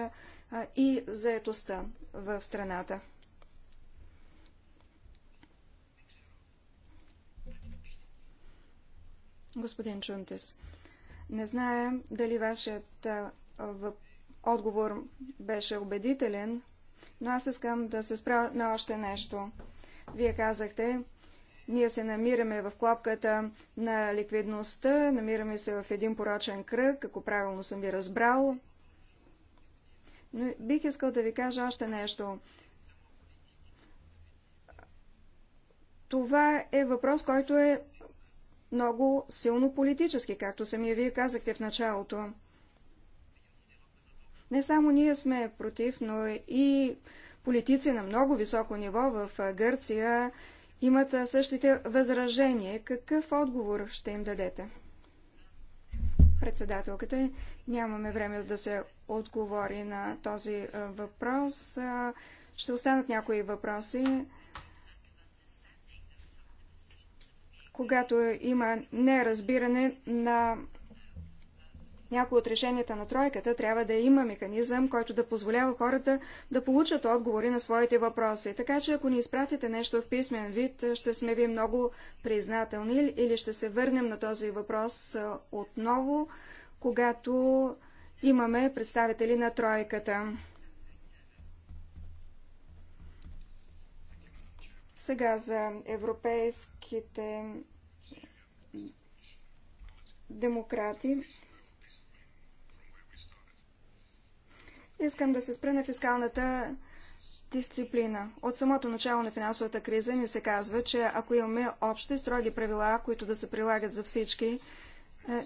и заетостта в страната. Господин Чунтис, не зная дали вашият отговор беше убедителен, но аз искам да се спра на още нещо. Вие казахте, ние се намираме в клапката на ликвидността, намираме се в един порочен кръг, ако правилно съм ви разбрал. Но бих искал да ви кажа още нещо. Това е въпрос, който е много силно политически, както самия вие казахте в началото. Не само ние сме против, но и Политици на много високо ниво в Гърция имат същите възражения. Какъв отговор ще им дадете? Председателката, нямаме време да се отговори на този въпрос. Ще останат някои въпроси. Когато има неразбиране на някои от решенията на тройката трябва да има механизъм, който да позволява хората да получат отговори на своите въпроси. Така че ако ни изпратите нещо в писмен вид, ще сме ви много признателни или ще се върнем на този въпрос отново, когато имаме представители на тройката. Сега за европейските демократи. Искам да се спра на фискалната дисциплина. От самото начало на финансовата криза ни се казва, че ако имаме общи строги правила, които да се прилагат за всички, е,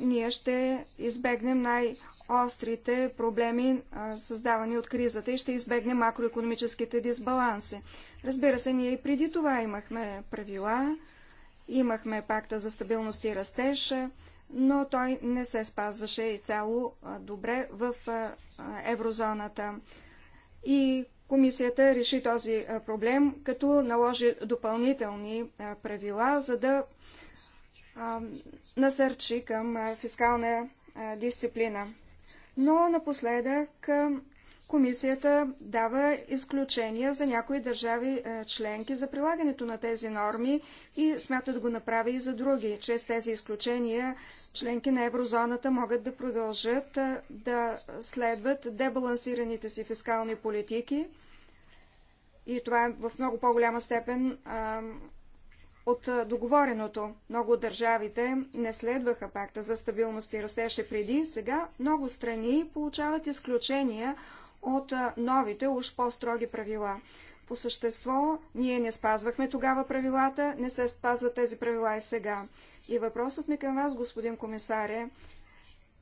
ние ще избегнем най-острите проблеми, е, създавани от кризата и ще избегнем макроекономическите дисбаланси. Разбира се, ние и преди това имахме правила, имахме пакта за стабилност и растеж, но той не се спазваше изцяло добре в еврозоната. И комисията реши този проблем, като наложи допълнителни правила, за да насърчи към фискална дисциплина. Но напоследък комисията дава изключения за някои държави е, членки за прилагането на тези норми и смята да го направи и за други. Чрез тези изключения членки на еврозоната могат да продължат е, да следват дебалансираните си фискални политики и това е в много по-голяма степен е, от договореното. Много от държавите не следваха пакта за стабилност и растеше преди. Сега много страни получават изключения от новите, уж по-строги правила. По същество, ние не спазвахме тогава правилата, не се спазват тези правила и сега. И въпросът ми към вас, господин комисар, е,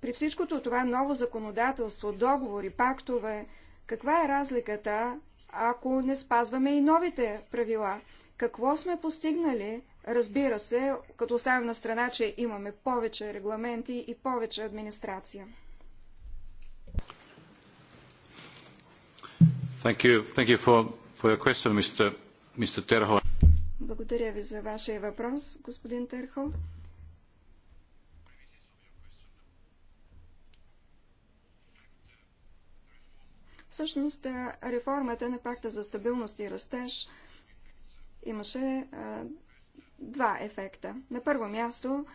при всичкото това ново законодателство, договори, пактове, каква е разликата, ако не спазваме и новите правила? Какво сме постигнали? Разбира се, като оставим на страна, че имаме повече регламенти и повече администрация. Благодаря ви за вашия въпрос, господин Терхо. Всъщност, реформата на пакта за стабилност и растеж имаше а, два ефекта. На първо място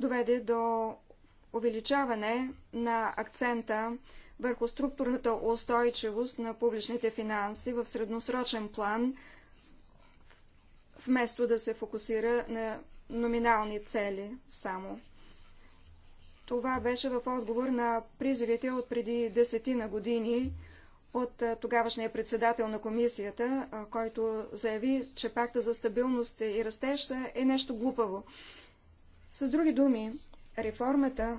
доведе до увеличаване на акцента върху структурната устойчивост на публичните финанси в средносрочен план, вместо да се фокусира на номинални цели само. Това беше в отговор на призивите от преди десетина години от тогавашния председател на комисията, който заяви, че пакта за стабилност и растеж е нещо глупаво. С други думи, реформата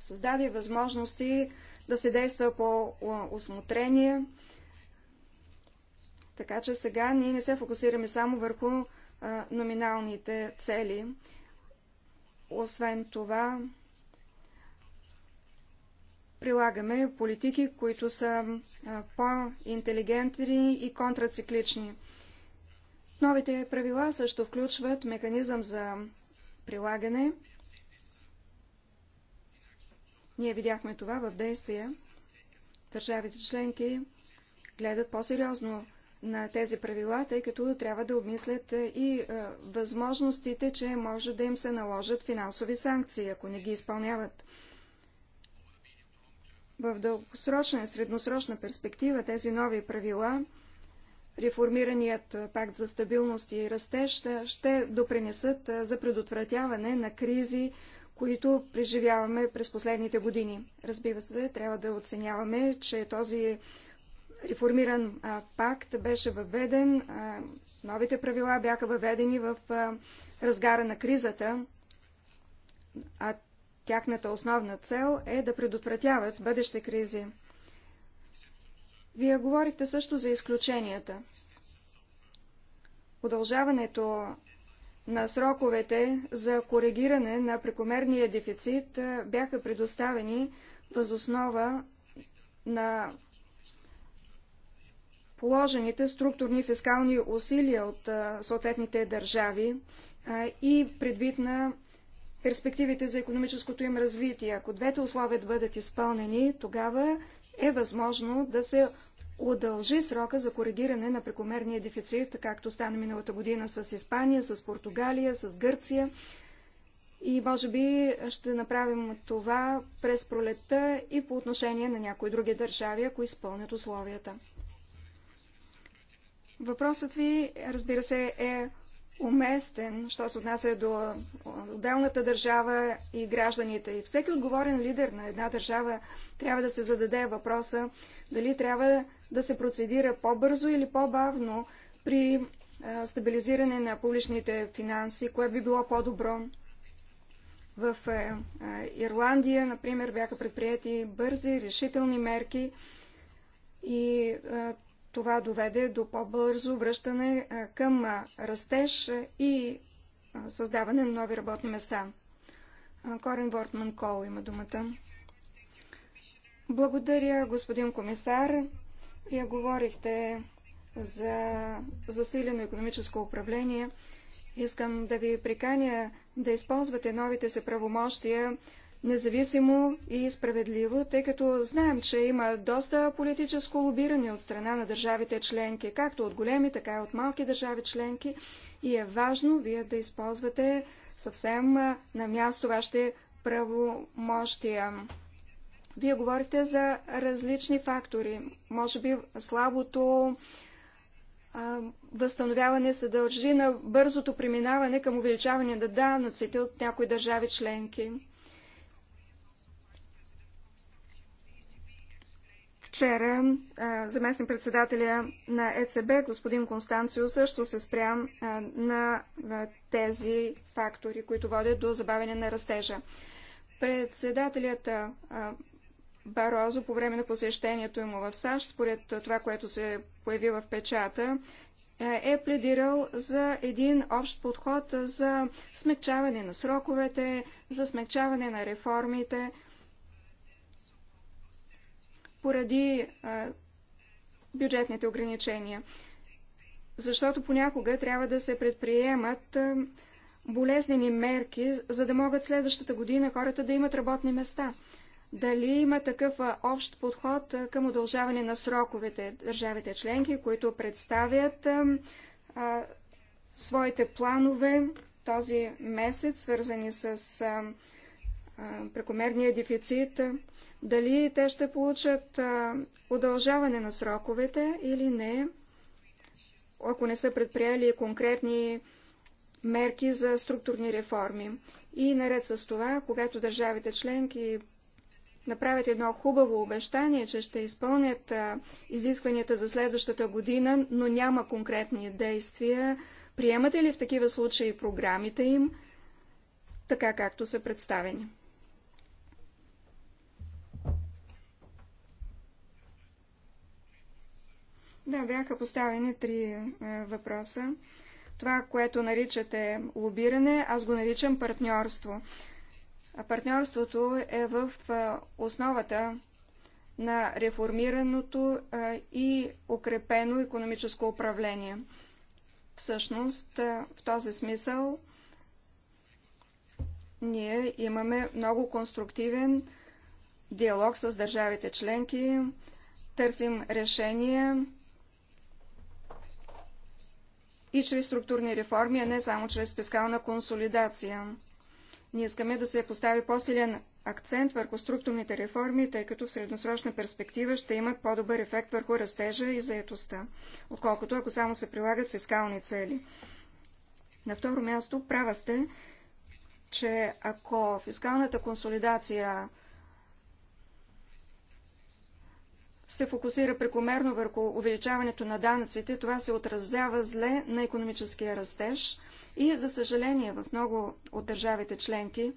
създаде възможности да се действа по осмотрение. Така че сега ние не се фокусираме само върху а, номиналните цели. Освен това, прилагаме политики, които са по-интелигентни и контрациклични. Новите правила също включват механизъм за прилагане – ние видяхме това в действие. Държавите членки гледат по-сериозно на тези правила, тъй като трябва да обмислят е, и е, възможностите, че може да им се наложат финансови санкции, ако не ги изпълняват. В дългосрочна и средносрочна перспектива тези нови правила, реформираният е, пакт за стабилност и растеж ще, ще допринесат е, за предотвратяване на кризи, които преживяваме през последните години. Разбира се, трябва да оценяваме, че този реформиран а, пакт беше въведен, а, новите правила бяха въведени в а, разгара на кризата, а тяхната основна цел е да предотвратяват бъдещите кризи. Вие говорихте също за изключенията. Удължаването на сроковете за коригиране на прекомерния дефицит бяха предоставени възоснова на положените структурни фискални усилия от съответните държави и предвид на перспективите за економическото им развитие. Ако двете условия бъдат изпълнени, тогава е възможно да се удължи срока за коригиране на прекомерния дефицит, както стана миналата година с Испания, с Португалия, с Гърция. И може би ще направим това през пролетта и по отношение на някои други държави, ако изпълнят условията. Въпросът ви, разбира се, е уместен, що се отнася до отделната държава и гражданите. И всеки отговорен лидер на една държава трябва да се зададе въпроса дали трябва да се процедира по-бързо или по-бавно при стабилизиране на публичните финанси, кое би било по-добро. В Ирландия, например, бяха предприяти бързи, решителни мерки и това доведе до по-бързо връщане към растеж и създаване на нови работни места. Корен Вортман Кол има думата. Благодаря, господин комисар. Вие говорихте за засилено економическо управление. Искам да ви приканя да използвате новите си правомощия независимо и справедливо, тъй като знаем, че има доста политическо лобиране от страна на държавите членки, както от големи, така и от малки държави членки и е важно вие да използвате съвсем на място вашите правомощия. Вие говорите за различни фактори. Може би слабото възстановяване се дължи на бързото преминаване към увеличаване на данъците от някои държави членки. Вчера заместник председателя на ЕЦБ, господин Констанцио, също се спря на, тези фактори, които водят до забавяне на растежа. Председателят Барозо по време на посещението му в САЩ, според това, което се появи в печата, е пледирал за един общ подход за смягчаване на сроковете, за смягчаване на реформите – поради бюджетните ограничения. Защото понякога трябва да се предприемат болезнени мерки, за да могат следващата година хората да имат работни места. Дали има такъв общ подход към удължаване на сроковете държавите членки, които представят а, а, своите планове този месец, свързани с а, а, прекомерния дефицит? дали те ще получат а, удължаване на сроковете или не, ако не са предприели конкретни мерки за структурни реформи. И наред с това, когато държавите членки направят едно хубаво обещание, че ще изпълнят а, изискванията за следващата година, но няма конкретни действия, приемате ли в такива случаи програмите им, така както са представени? Да, бяха поставени три е, въпроса. Това, което наричате лобиране, аз го наричам партньорство. А партньорството е в е, основата на реформираното е, и укрепено економическо управление. Всъщност, в този смисъл, ние имаме много конструктивен диалог с държавите членки, търсим решения и чрез структурни реформи, а не само чрез фискална консолидация. Ние искаме да се постави по-силен акцент върху структурните реформи, тъй като в средносрочна перспектива ще имат по-добър ефект върху растежа и заетостта, отколкото ако само се прилагат фискални цели. На второ място, права сте, че ако фискалната консолидация се фокусира прекомерно върху увеличаването на данъците, това се отразява зле на економическия растеж и, за съжаление, в много от държавите членки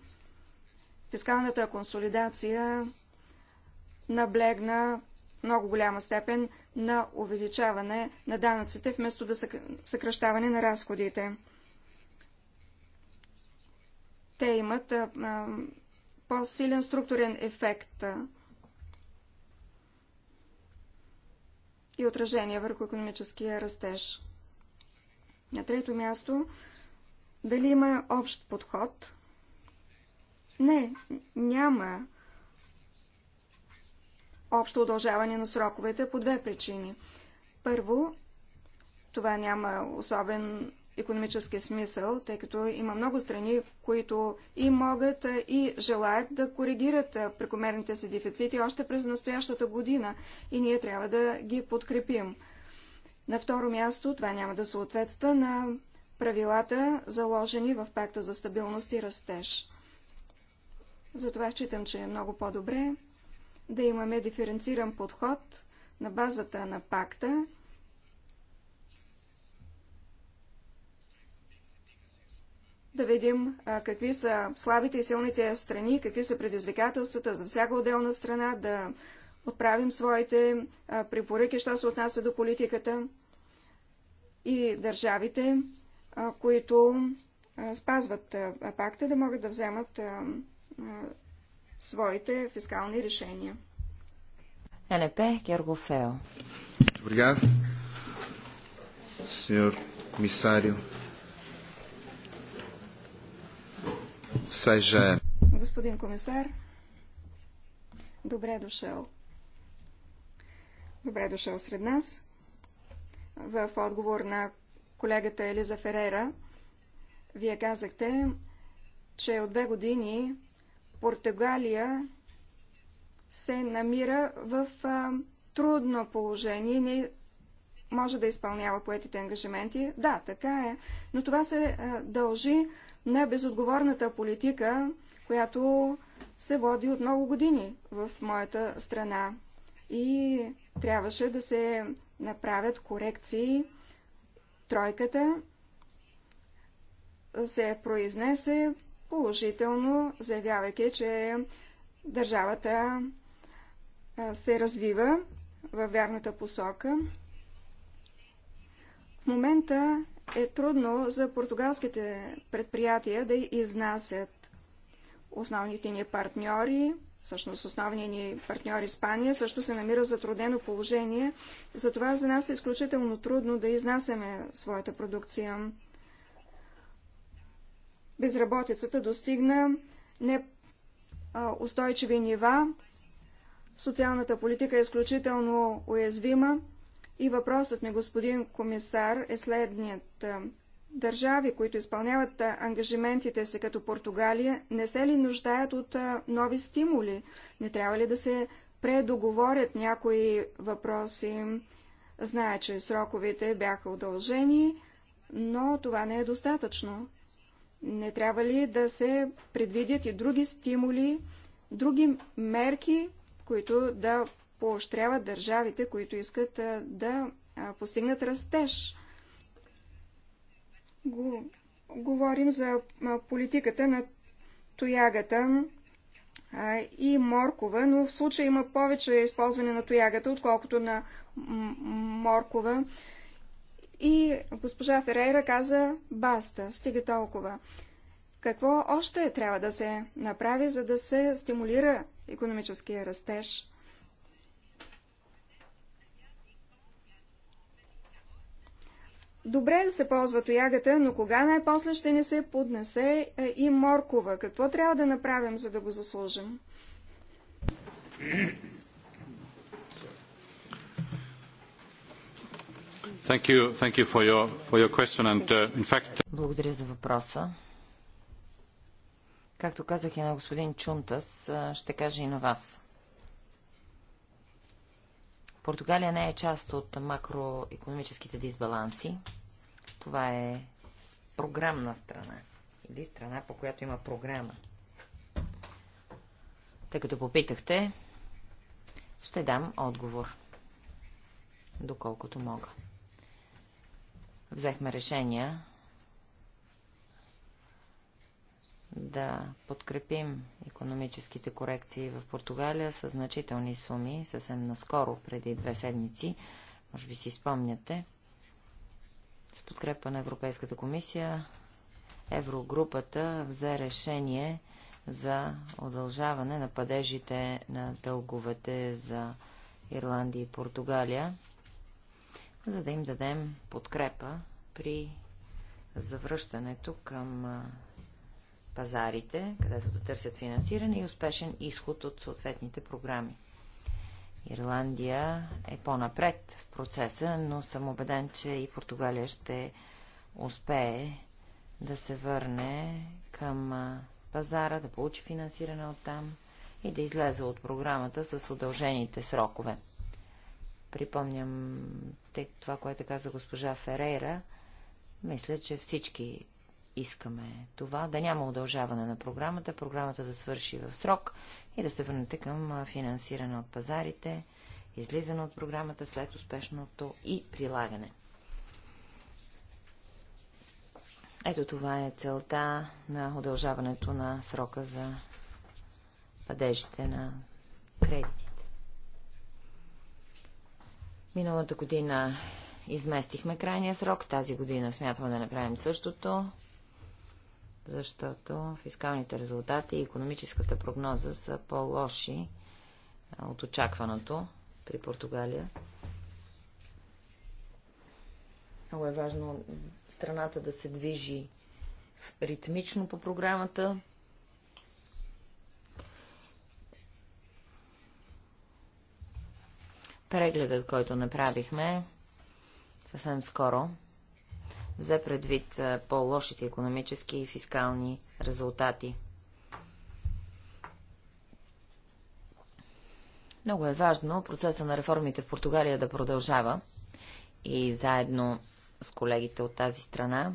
фискалната консолидация наблегна много голяма степен на увеличаване на данъците, вместо да съкръщаване на разходите. Те имат по-силен структурен ефект и отражение върху економическия растеж. На трето място, дали има общ подход? Не, няма общо удължаване на сроковете по две причини. Първо, това няма особен економически смисъл, тъй като има много страни, които и могат, и желаят да коригират прекомерните си дефицити още през настоящата година и ние трябва да ги подкрепим. На второ място това няма да съответства на правилата, заложени в пакта за стабилност и растеж. Затова считам, че е много по-добре да имаме диференциран подход на базата на пакта, да видим а, какви са слабите и силните страни, какви са предизвикателствата за всяка отделна страна, да отправим своите а, препоръки, що се отнася до политиката и държавите, а, които спазват пакта, да могат да вземат своите фискални решения. НП Георго Фео. Добре, сеньор комисарио. seja... Господин комисар, добре дошъл. Добре дошъл сред нас. В отговор на колегата Елиза Ферера, вие казахте, че от две години Португалия се намира в а, трудно положение, не може да изпълнява поетите ангажименти. Да, така е, но това се а, дължи на безотговорната политика, която се води от много години в моята страна. И трябваше да се направят корекции. Тройката се произнесе положително, заявявайки, че държавата се развива във вярната посока. В момента е трудно за португалските предприятия да изнасят основните ни партньори, всъщност основният ни партньор Испания, също се намира затрудено положение. Затова за нас е изключително трудно да изнасяме своята продукция. Безработицата достигна не устойчиви нива. Социалната политика е изключително уязвима. И въпросът ми, господин комисар, е следният. Е, държави, които изпълняват е, ангажиментите си като Португалия, не се ли нуждаят от е, нови стимули? Не трябва ли да се предоговорят някои въпроси? Зная, че сроковете бяха удължени, но това не е достатъчно. Не трябва ли да се предвидят и други стимули, други мерки, които да поощряват държавите, които искат да постигнат растеж. Говорим за политиката на тоягата и моркова, но в случая има повече използване на тоягата, отколкото на моркова. И госпожа Ферейра каза, баста, стига толкова. Какво още трябва да се направи, за да се стимулира економическия растеж? Добре е да се ползва тоягата, но кога най-после ще не се поднесе е, и моркова? Какво трябва да направим, за да го заслужим? Благодаря за въпроса. Както казах и на господин Чунтас, ще кажа и на вас. Португалия не е част от макроекономическите дисбаланси. Това е програмна страна. Или страна, по която има програма. Тъй като попитахте, ще дам отговор. Доколкото мога. Взехме решения да подкрепим економическите корекции в Португалия с значителни суми, съвсем наскоро, преди две седмици, може би си спомняте, с подкрепа на Европейската комисия, Еврогрупата взе решение за удължаване на падежите на дълговете за Ирландия и Португалия, за да им дадем подкрепа при завръщането към пазарите, където да търсят финансиране и успешен изход от съответните програми. Ирландия е по-напред в процеса, но съм убеден, че и Португалия ще успее да се върне към пазара, да получи финансиране от там и да излезе от програмата с удължените срокове. Припомням това, което каза госпожа Ферейра. Мисля, че всички искаме това, да няма удължаване на програмата, програмата да свърши в срок и да се върнете към финансиране от пазарите, излизане от програмата след успешното и прилагане. Ето това е целта на удължаването на срока за падежите на кредитите. Миналата година изместихме крайния срок, тази година смятаме да направим същото защото фискалните резултати и економическата прогноза са по-лоши от очакваното при Португалия. Много е важно страната да се движи ритмично по програмата. Прегледът, който направихме съвсем скоро, взе предвид по-лошите економически и фискални резултати. Много е важно процеса на реформите в Португалия да продължава и заедно с колегите от тази страна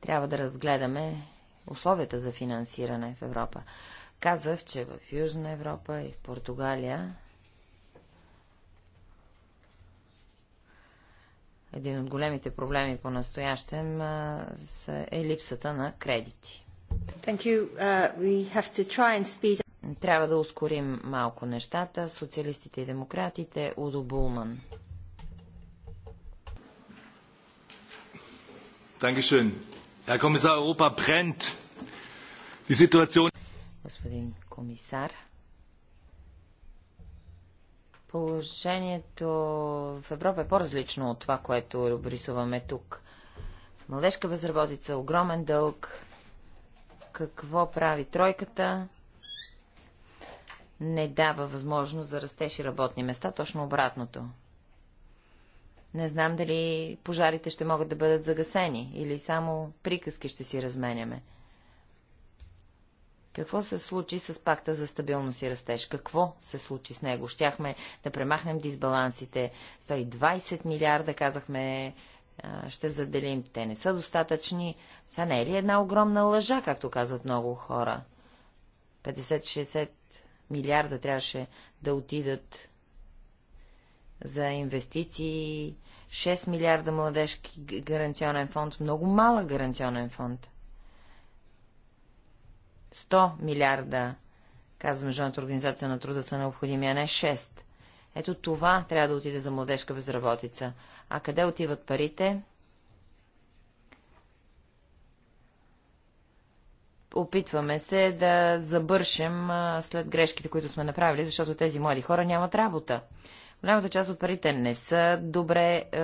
трябва да разгледаме условията за финансиране в Европа. Казах, че в Южна Европа и в Португалия един от големите проблеми по настоящем е липсата на кредити. Uh, Трябва да ускорим малко нещата. Социалистите и демократите Удо Булман. Dankeschön. Herr Kommissar, Europa brennt. Die Situation... Господин комисар, Положението в Европа е по-различно от това, което обрисуваме тук. Младежка безработица, огромен дълг. Какво прави тройката? Не дава възможност за растеж и работни места, точно обратното. Не знам дали пожарите ще могат да бъдат загасени или само приказки ще си разменяме. Какво се случи с пакта за стабилност и растеж? Какво се случи с него? Щяхме да премахнем дисбалансите. 120 милиарда, казахме, ще заделим. Те не са достатъчни. Сега не е ли една огромна лъжа, както казват много хора? 50-60 милиарда трябваше да отидат за инвестиции, 6 милиарда младежки гаранционен фонд, много малък гаранционен фонд. 100 милиарда, казва Международната организация на труда, са необходими, а не 6. Ето това трябва да отиде за младежка безработица. А къде отиват парите? Опитваме се да забършем след грешките, които сме направили, защото тези млади хора нямат работа. Голямата част от парите не са добре е,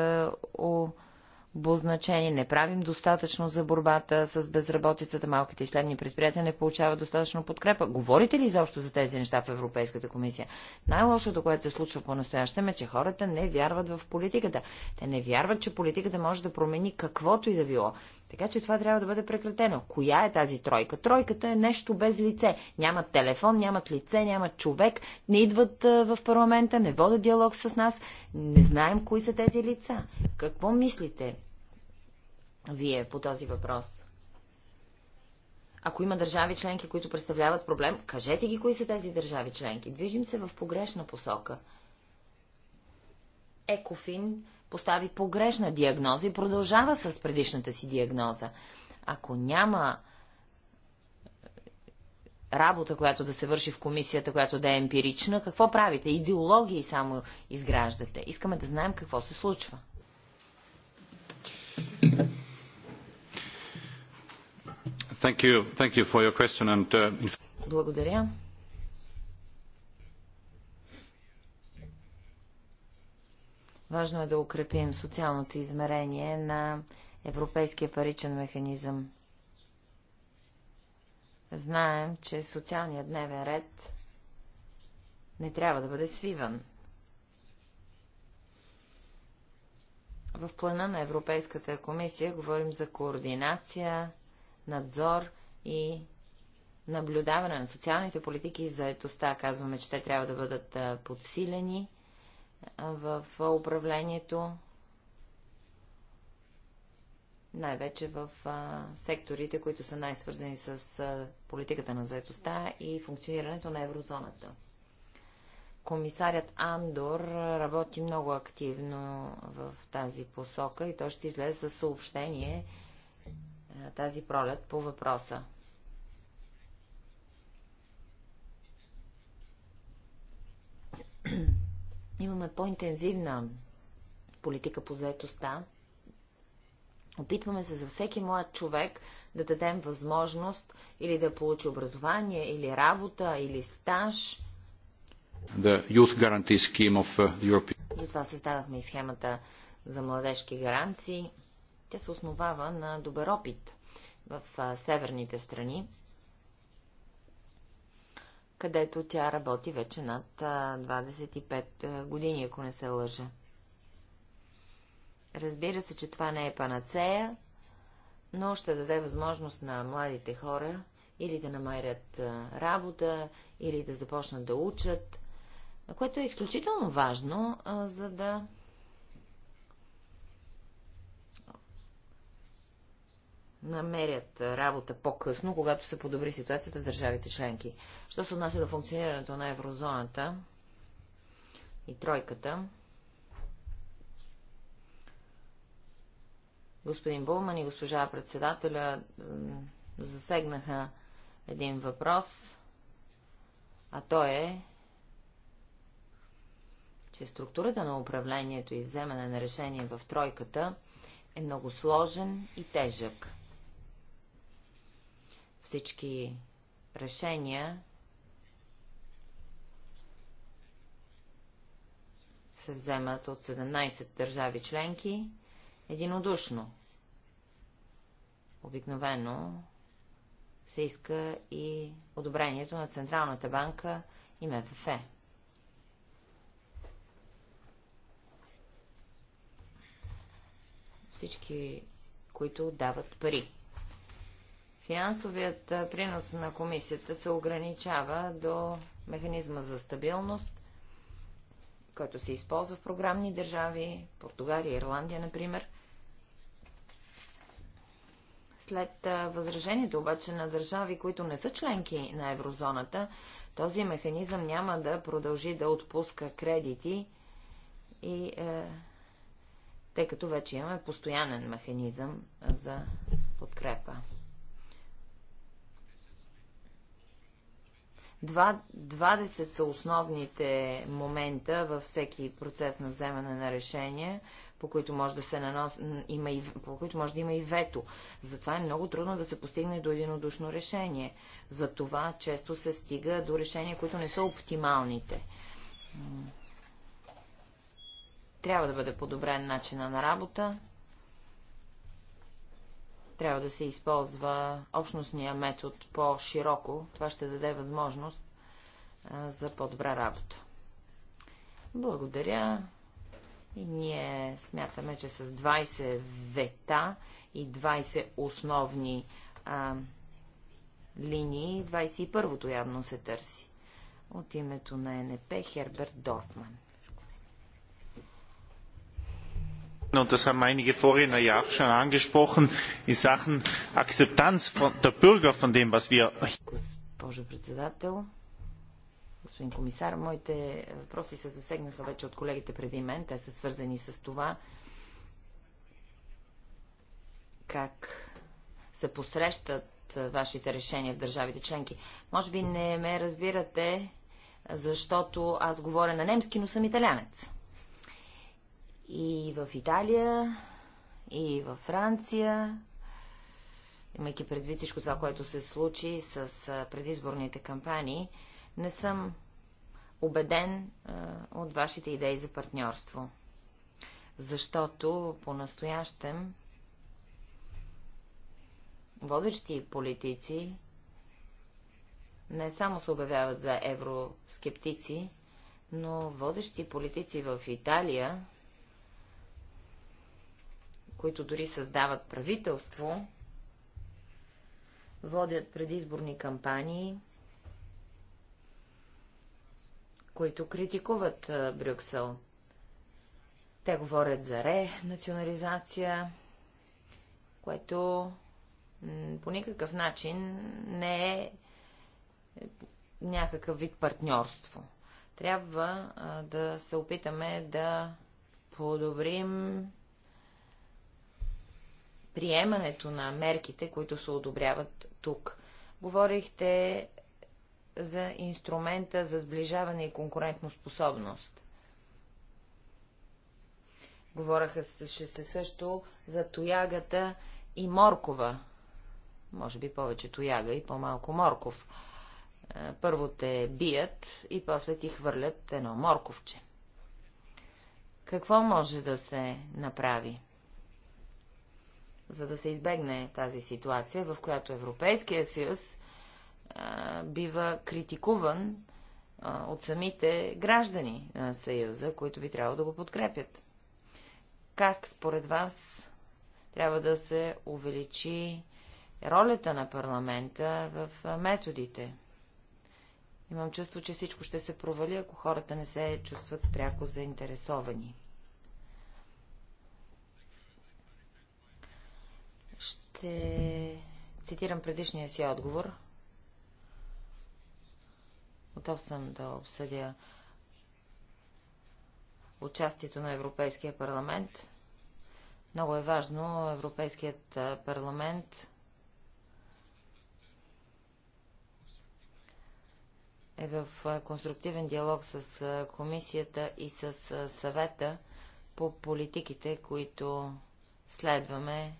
обозначени, не правим достатъчно за борбата с безработицата, малките и средни предприятия не получават достатъчно подкрепа. Говорите ли изобщо за тези неща в Европейската комисия? Най-лошото, което се случва по-настоящем е, че хората не вярват в политиката. Те не вярват, че политиката може да промени каквото и да било. Така че това трябва да бъде прекратено. Коя е тази тройка? Тройката е нещо без лице. Нямат телефон, нямат лице, нямат човек, не идват в парламента, не водят диалог с нас, не знаем кои са тези лица. Какво мислите вие по този въпрос? Ако има държави членки, които представляват проблем, кажете ги кои са тези държави членки. Движим се в погрешна посока. Екофин постави погрешна диагноза и продължава с предишната си диагноза. Ако няма работа, която да се върши в комисията, която да е емпирична, какво правите? Идеологии само изграждате. Искаме да знаем какво се случва. Uh, Благодаря. Важно е да укрепим социалното измерение на Европейския паричен механизъм. Знаем, че социалният дневен ред не трябва да бъде свиван. В плана на Европейската комисия говорим за координация, надзор и наблюдаване на социалните политики и заедостта. Казваме, че те трябва да бъдат подсилени – в управлението, най-вече в секторите, които са най-свързани с политиката на заедостта и функционирането на еврозоната. Комисарят Андор работи много активно в тази посока и той ще излезе със съобщение тази пролет по въпроса. Mm-hmm имаме по-интензивна политика по заетостта, опитваме се за всеки млад човек да дадем възможност или да получи образование, или работа, или стаж. The Youth Guarantee Scheme of uh, Europe. Затова създадахме и схемата за младежки гаранции. Тя се основава на добър опит в северните страни където тя работи вече над 25 години, ако не се лъжа. Разбира се, че това не е панацея, но ще даде възможност на младите хора или да намерят работа, или да започнат да учат, което е изключително важно, за да намерят работа по-късно, когато се подобри ситуацията с държавите членки. Що се отнася до функционирането на еврозоната и тройката, господин Булман и госпожа председателя засегнаха един въпрос, а то е, че структурата на управлението и вземане на решение в тройката е много сложен и тежък всички решения се вземат от 17 държави членки единодушно. Обикновено се иска и одобрението на Централната банка и МФФ. Всички, които дават пари. Финансовият принос на комисията се ограничава до механизма за стабилност, който се използва в програмни държави, Португалия, Ирландия, например. След възражението обаче на държави, които не са членки на еврозоната, този механизъм няма да продължи да отпуска кредити и е, тъй като вече имаме постоянен механизъм за подкрепа. 20 са основните момента във всеки процес на вземане на решение, по които може да се нанос... има и... по които може да има и вето. Затова е много трудно да се постигне до единодушно решение. Затова често се стига до решения, които не са оптималните. Трябва да бъде подобрен начина на работа. Трябва да се използва общностния метод по-широко. Това ще даде възможност за по-добра работа. Благодаря. И ние смятаме, че с 20 вета и 20 основни а, линии, 21-то явно се търси. От името на НП Херберт Дорфман. und das haben einige Vorredner ja auch schon angesprochen, in Sachen Akzeptanz der Bürger von dem, was wir. Госпожо председател, господин комисар, моите въпроси се засегнаха вече от колегите преди мен. Те са свързани с това как се посрещат вашите решения в държавите членки. Може би не ме разбирате, защото аз говоря на немски, но съм италянец и в Италия, и във Франция, имайки предвид всичко това, което се случи с предизборните кампании, не съм убеден от вашите идеи за партньорство. Защото по-настоящем водещи политици не само се обявяват за евроскептици, но водещи политици в Италия които дори създават правителство, водят предизборни кампании, които критикуват Брюксел. Те говорят за ренационализация, което по никакъв начин не е някакъв вид партньорство. Трябва да се опитаме да подобрим приемането на мерките, които се одобряват тук. Говорихте за инструмента за сближаване и конкурентоспособност. Говореха се, се също за тоягата и моркова. Може би повече тояга и по-малко морков. Е, първо те бият и после ти хвърлят едно морковче. Какво може да се направи? за да се избегне тази ситуация, в която Европейския съюз а, бива критикуван а, от самите граждани на съюза, които би трябвало да го подкрепят. Как според вас трябва да се увеличи ролята на парламента в методите? Имам чувство, че всичко ще се провали, ако хората не се чувстват пряко заинтересовани. Ще цитирам предишния си отговор. Готов съм да обсъдя участието на Европейския парламент. Много е важно Европейският парламент е в конструктивен диалог с комисията и с съвета по политиките, които следваме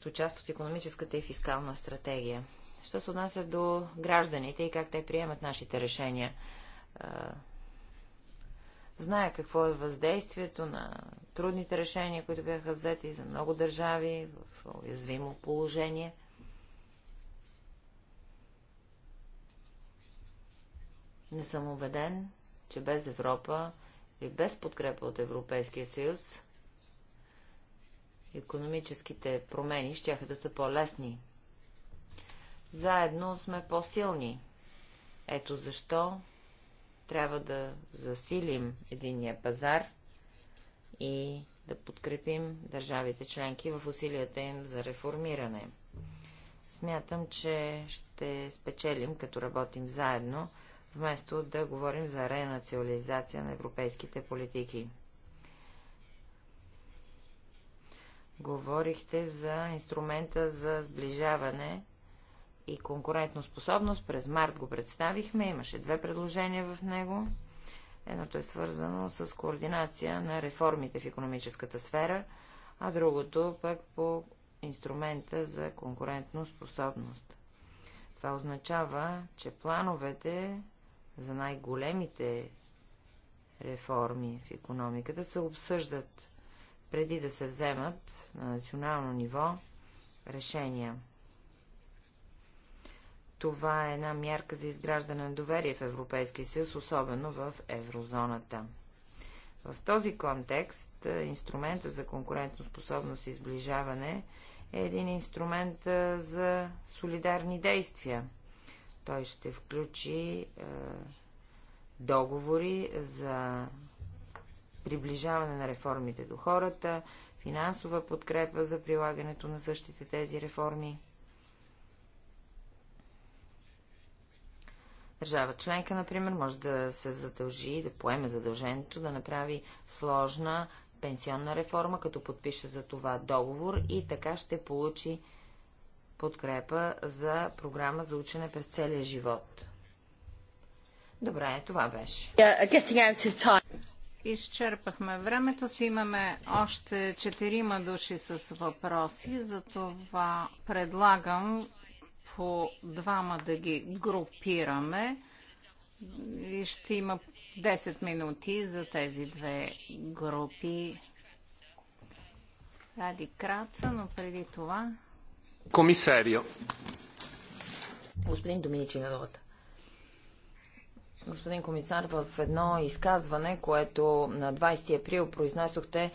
като част от економическата и фискална стратегия. Що се отнася до гражданите и как те приемат нашите решения? Зная какво е въздействието на трудните решения, които бяха взети за много държави в уязвимо положение. Не съм убеден, че без Европа и без подкрепа от Европейския съюз економическите промени ще да са по-лесни. Заедно сме по-силни. Ето защо трябва да засилим единния пазар и да подкрепим държавите членки в усилията им за реформиране. Смятам, че ще спечелим, като работим заедно, вместо да говорим за ренационализация на европейските политики. Говорихте за инструмента за сближаване и способност. През март го представихме. Имаше две предложения в него. Едното е свързано с координация на реформите в економическата сфера, а другото пък по инструмента за конкурентно способност. Това означава, че плановете за най-големите реформи в економиката се обсъждат преди да се вземат на национално ниво решения. Това е една мярка за изграждане на доверие в Европейския съюз, особено в еврозоната. В този контекст е, инструмента за конкурентоспособност и сближаване е един инструмент е, за солидарни действия. Той ще включи е, договори за приближаване на реформите до хората, финансова подкрепа за прилагането на същите тези реформи. Държава членка, например, може да се задължи, да поеме задължението да направи сложна пенсионна реформа, като подпише за това договор и така ще получи подкрепа за програма за учене през целия живот. Добре, това беше. Yeah, Изчерпахме времето си. Имаме още четирима души с въпроси, затова предлагам по двама да ги групираме. И ще има 10 минути за тези две групи. Ради краца, но преди това... Комисарио. Господин Доминичи на господин комисар, в едно изказване, което на 20 април произнесохте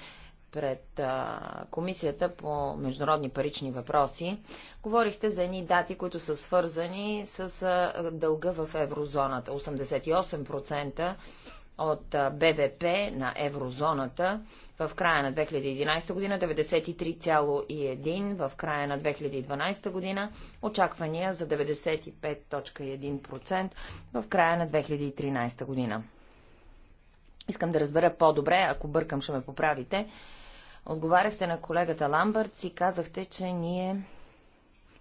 пред а, Комисията по международни парични въпроси, говорихте за едни дати, които са свързани с а, дълга в еврозоната. 88% от БВП на еврозоната в края на 2011 година 93,1, в края на 2012 година очаквания за 95,1% в края на 2013 година. Искам да разбера по-добре, ако бъркам ще ме поправите. Отговаряхте на колегата Ламбърт и казахте, че ние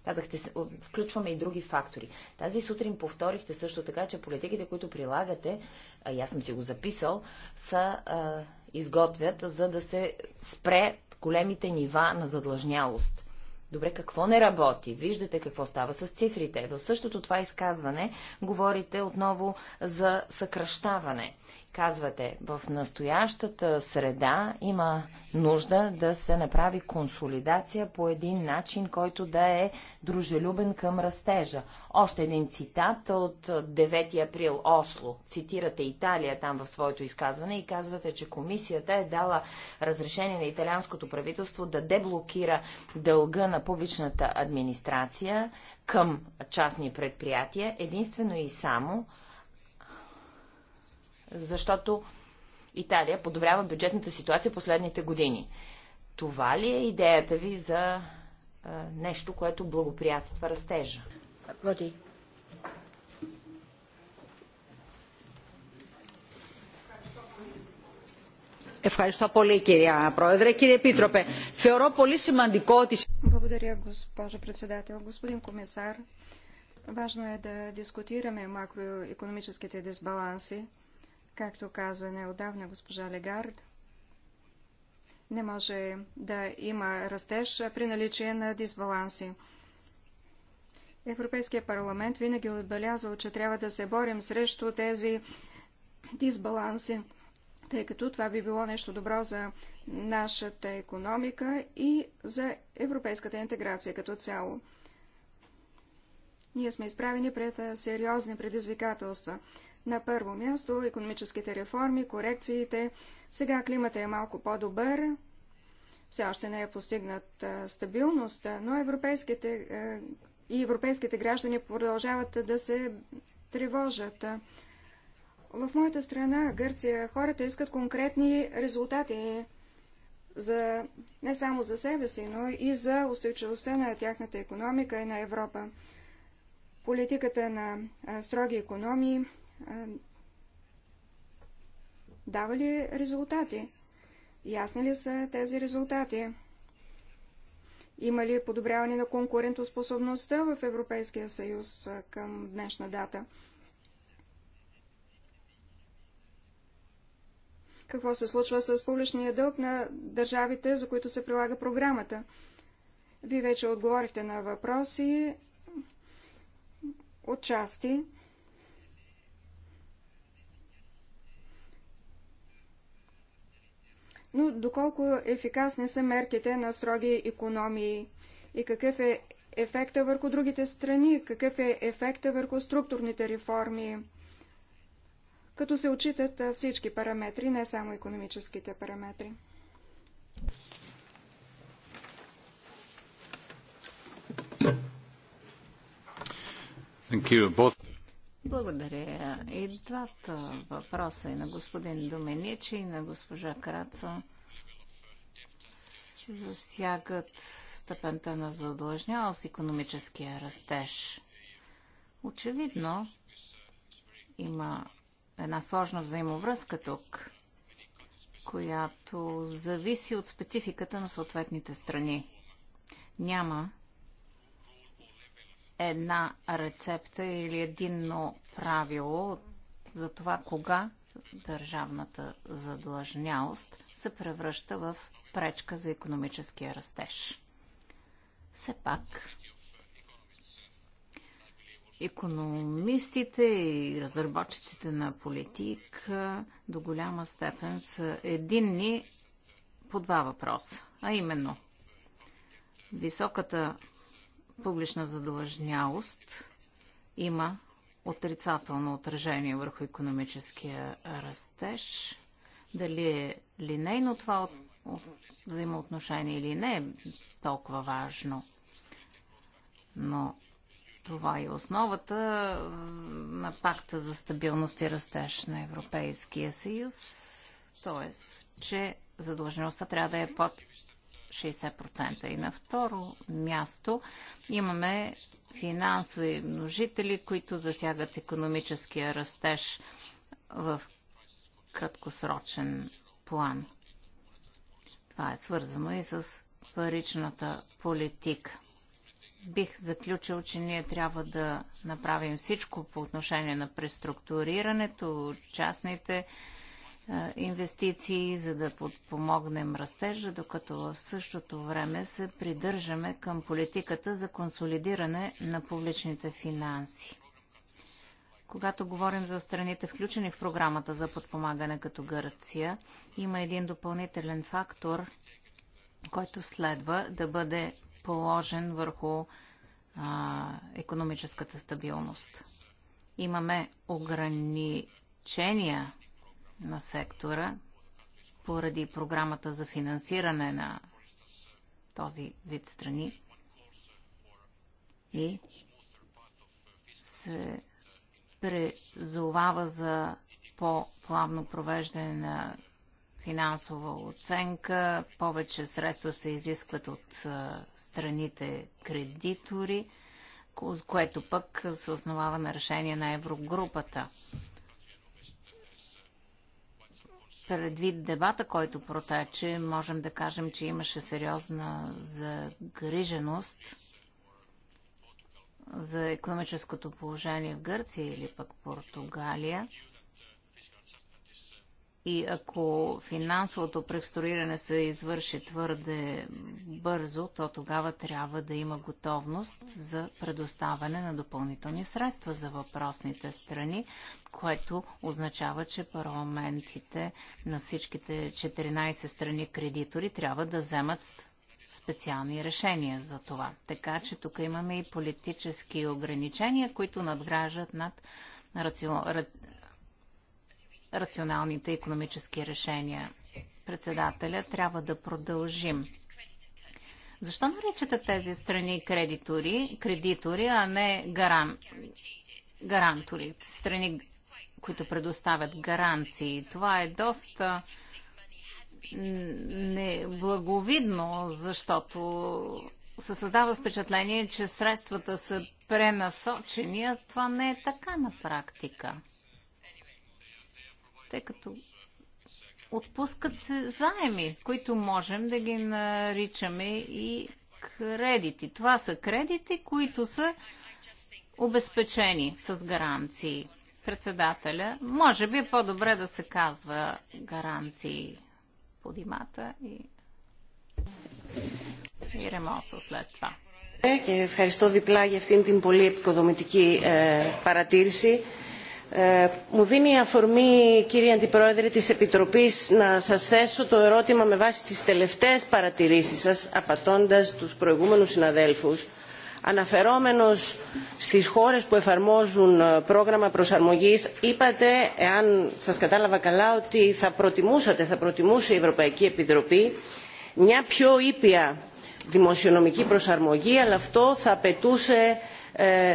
Казахте, включваме и други фактори. Тази сутрин повторихте също така, че политиките, които прилагате, а аз съм си го записал, са а, изготвят, за да се спре големите нива на задлъжнялост. Добре, какво не работи? Виждате какво става с цифрите. В същото това изказване говорите отново за съкръщаване. Казвате, в настоящата среда има нужда да се направи консолидация по един начин, който да е дружелюбен към растежа. Още един цитат от 9 април Осло. Цитирате Италия там в своето изказване и казвате, че комисията е дала разрешение на италианското правителство да деблокира дълга на публичната администрация към частни предприятия единствено и само защото Италия подобрява бюджетната ситуация последните години. Това ли е идеята ви за нещо, което благоприятства растежа? Води. Ευχαριστώ πολύ κυρία Πρόεδρε. Κύριε Επίτροπε, θεωρώ πολύ σημαντικό ότι... Благодаря, госпожо председател. Господин комисар, важно е да дискутираме макроекономическите дисбаланси. Както каза неодавна госпожа Легард, не може да има растеж при наличие на дисбаланси. Европейския парламент винаги е отбелязал, че трябва да се борим срещу тези дисбаланси, тъй като това би било нещо добро за нашата економика и за европейската интеграция като цяло. Ние сме изправени пред сериозни предизвикателства. На първо място економическите реформи, корекциите. Сега климата е малко по-добър, все още не е постигнат стабилност, но европейските и европейските граждани продължават да се тревожат. В моята страна, Гърция, хората искат конкретни резултати за, не само за себе си, но и за устойчивостта на тяхната економика и на Европа. Политиката на строги економии дава ли резултати? Ясни ли са тези резултати? Има ли подобряване на конкурентоспособността в Европейския съюз към днешна дата? Какво се случва с публичния дълг на държавите, за които се прилага програмата? Вие вече отговорихте на въпроси отчасти. но доколко ефикасни са мерките на строги економии и какъв е ефекта върху другите страни, какъв е ефекта върху структурните реформи, като се отчитат всички параметри, не само економическите параметри. Thank you. Both... Благодаря. И двата въпроса и на господин Доменич и на госпожа Краца засягат степента на задлъжнялост, економическия растеж. Очевидно има една сложна взаимовръзка тук, която зависи от спецификата на съответните страни. Няма една рецепта или единно правило за това кога държавната задлъжнялост се превръща в пречка за економическия растеж. Все пак, економистите и разработчиците на политик до голяма степен са единни по два въпроса, а именно високата публична задлъжнялост има отрицателно отражение върху економическия растеж. Дали е линейно това взаимоотношение или не е толкова важно. Но това е основата на пакта за стабилност и растеж на Европейския съюз, т.е. че задлъжнялостта трябва да е под 60%. И на второ място имаме финансови множители, които засягат економическия растеж в краткосрочен план. Това е свързано и с паричната политика. Бих заключил, че ние трябва да направим всичко по отношение на преструктурирането, частните инвестиции, за да подпомогнем растежа, докато в същото време се придържаме към политиката за консолидиране на публичните финанси. Когато говорим за страните, включени в програмата за подпомагане като Гърция, има един допълнителен фактор, който следва да бъде положен върху а, економическата стабилност. Имаме ограничения на сектора поради програмата за финансиране на този вид страни и се призовава за по-плавно провеждане на финансова оценка, повече средства се изискват от страните кредитори, което пък се основава на решение на Еврогрупата предвид дебата, който протече, можем да кажем, че имаше сериозна загриженост за економическото положение в Гърция или пък Португалия. И ако финансовото преструиране се извърши твърде бързо, то тогава трябва да има готовност за предоставяне на допълнителни средства за въпросните страни, което означава, че парламентите на всичките 14 страни кредитори трябва да вземат специални решения за това. Така че тук имаме и политически ограничения, които надграждат над рационалните економически решения. Председателя трябва да продължим. Защо наричате тези страни кредитори, кредитори а не гаран, гарантори? Страни, които предоставят гаранции. Това е доста неблаговидно, защото се създава впечатление, че средствата са пренасочени, а това не е така на практика тъй като отпускат се заеми, които можем да ги наричаме и кредити. Това са кредити, които са обезпечени с гаранции. Председателя, може би е по-добре да се казва гаранции димата и, и ремоса след това. Е, е, ευχαριστώ διπλά για αυτήν την πολύ επικοδομητική ε, παρατήρηση μου δίνει αφορμή κύριε αντιπρόεδρε της επιτροπής να σας θέσω το ερώτημα με βάση τις τελευταίες παρατηρήσεις σας απατώντας τους προηγούμενους συναδέλφους αναφερόμενος στις χώρες που εφαρμόζουν πρόγραμμα προσαρμογής είπατε εάν σας κατάλαβα καλά ότι θα προτιμούσατε θα προτιμούσε η ευρωπαϊκή επιτροπή μια πιο ήπια δημοσιονομική προσαρμογή αλλά αυτό θα απαιτούσε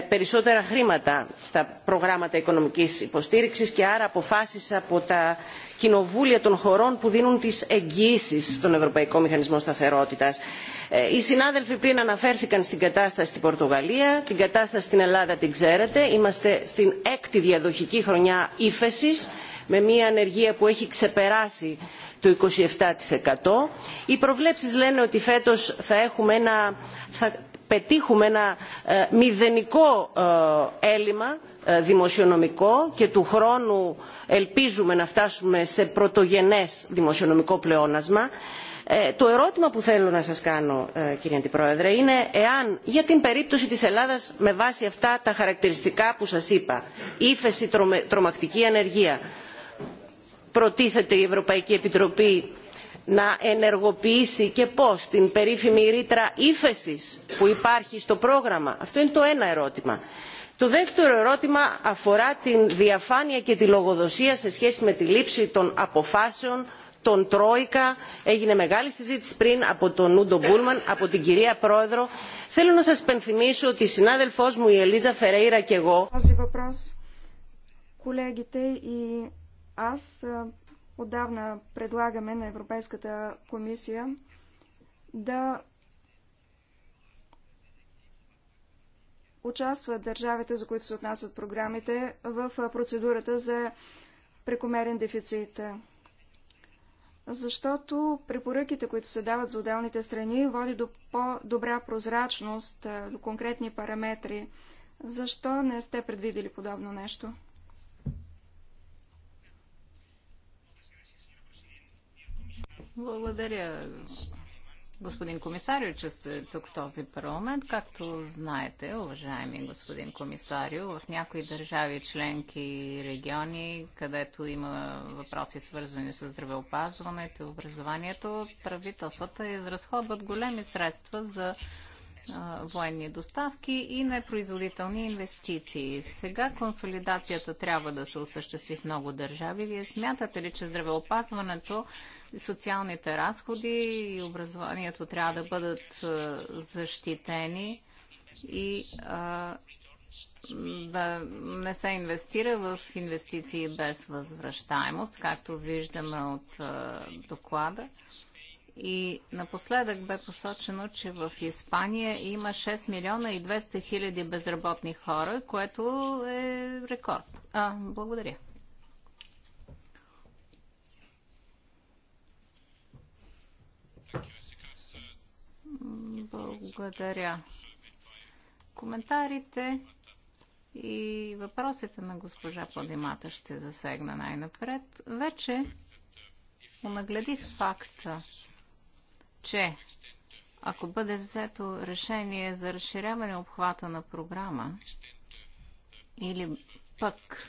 περισσότερα χρήματα στα προγράμματα οικονομικής υποστήριξης και άρα αποφάσεις από τα κοινοβούλια των χωρών που δίνουν τις εγγυήσεις στον Ευρωπαϊκό Μηχανισμό Σταθερότητας. Οι συνάδελφοι πριν αναφέρθηκαν στην κατάσταση στην Πορτογαλία, την κατάσταση στην Ελλάδα την ξέρετε. Είμαστε στην έκτη διαδοχική χρονιά ύφεσης με μια ανεργία που έχει ξεπεράσει το 27%. Οι προβλέψεις λένε ότι φέτος θα, έχουμε ένα, θα πετύχουμε ένα μηδενικό έλλειμμα δημοσιονομικό και του χρόνου ελπίζουμε να φτάσουμε σε πρωτογενές δημοσιονομικό πλεόνασμα. Το ερώτημα που θέλω να σας κάνω, κύριε Αντιπρόεδρε, είναι εάν για την περίπτωση της Ελλάδας με βάση αυτά τα χαρακτηριστικά που σας είπα, ύφεση, τρομακτική ανεργία, προτίθεται η Ευρωπαϊκή Επιτροπή να ενεργοποιήσει και πώ την περίφημη ρήτρα ύφεση που υπάρχει στο πρόγραμμα. Αυτό είναι το ένα ερώτημα. Το δεύτερο ερώτημα αφορά την διαφάνεια και τη λογοδοσία σε σχέση με τη λήψη των αποφάσεων των Τρόικα. Έγινε μεγάλη συζήτηση πριν από τον Ούντο Μπούλμαν, από την κυρία Πρόεδρο. Θέλω να σας πενθυμίσω ότι η συνάδελφός μου η Ελίζα Φερέιρα και εγώ... Отдавна предлагаме на Европейската комисия да участват държавите, за които се отнасят програмите, в процедурата за прекомерен дефицит. Защото препоръките, които се дават за отделните страни, води до по-добра прозрачност, до конкретни параметри. Защо не сте предвидели подобно нещо? Благодаря, господин комисарио, че сте тук в този парламент. Както знаете, уважаеми господин комисарио, в някои държави, членки и региони, където има въпроси свързани с здравеопазването и образованието, правителствата изразходват големи средства за военни доставки и непроизводителни инвестиции. Сега консолидацията трябва да се осъществи в много държави. Вие смятате ли, че здравеопазването, социалните разходи и образованието трябва да бъдат защитени и да не се инвестира в инвестиции без възвръщаемост, както виждаме от доклада? И напоследък бе посочено, че в Испания има 6 милиона и 200 хиляди безработни хора, което е рекорд. А, благодаря. Благодаря. Коментарите и въпросите на госпожа Подимата ще засегна най-напред. Вече онагледих факта, че ако бъде взето решение за разширяване обхвата на програма или пък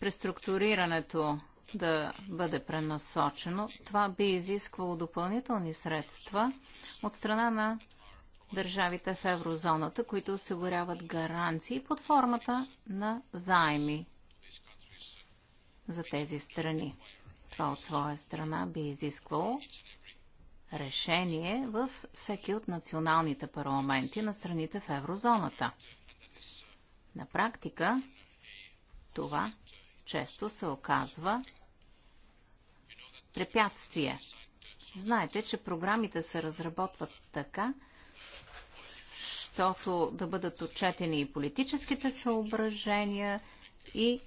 преструктурирането да бъде пренасочено, това би изисквало допълнителни средства от страна на държавите в еврозоната, които осигуряват гаранции под формата на заеми за тези страни. Това от своя страна би изисквало решение в всеки от националните парламенти на страните в еврозоната. На практика това често се оказва препятствие. Знаете, че програмите се разработват така, защото да бъдат отчетени и политическите съображения, и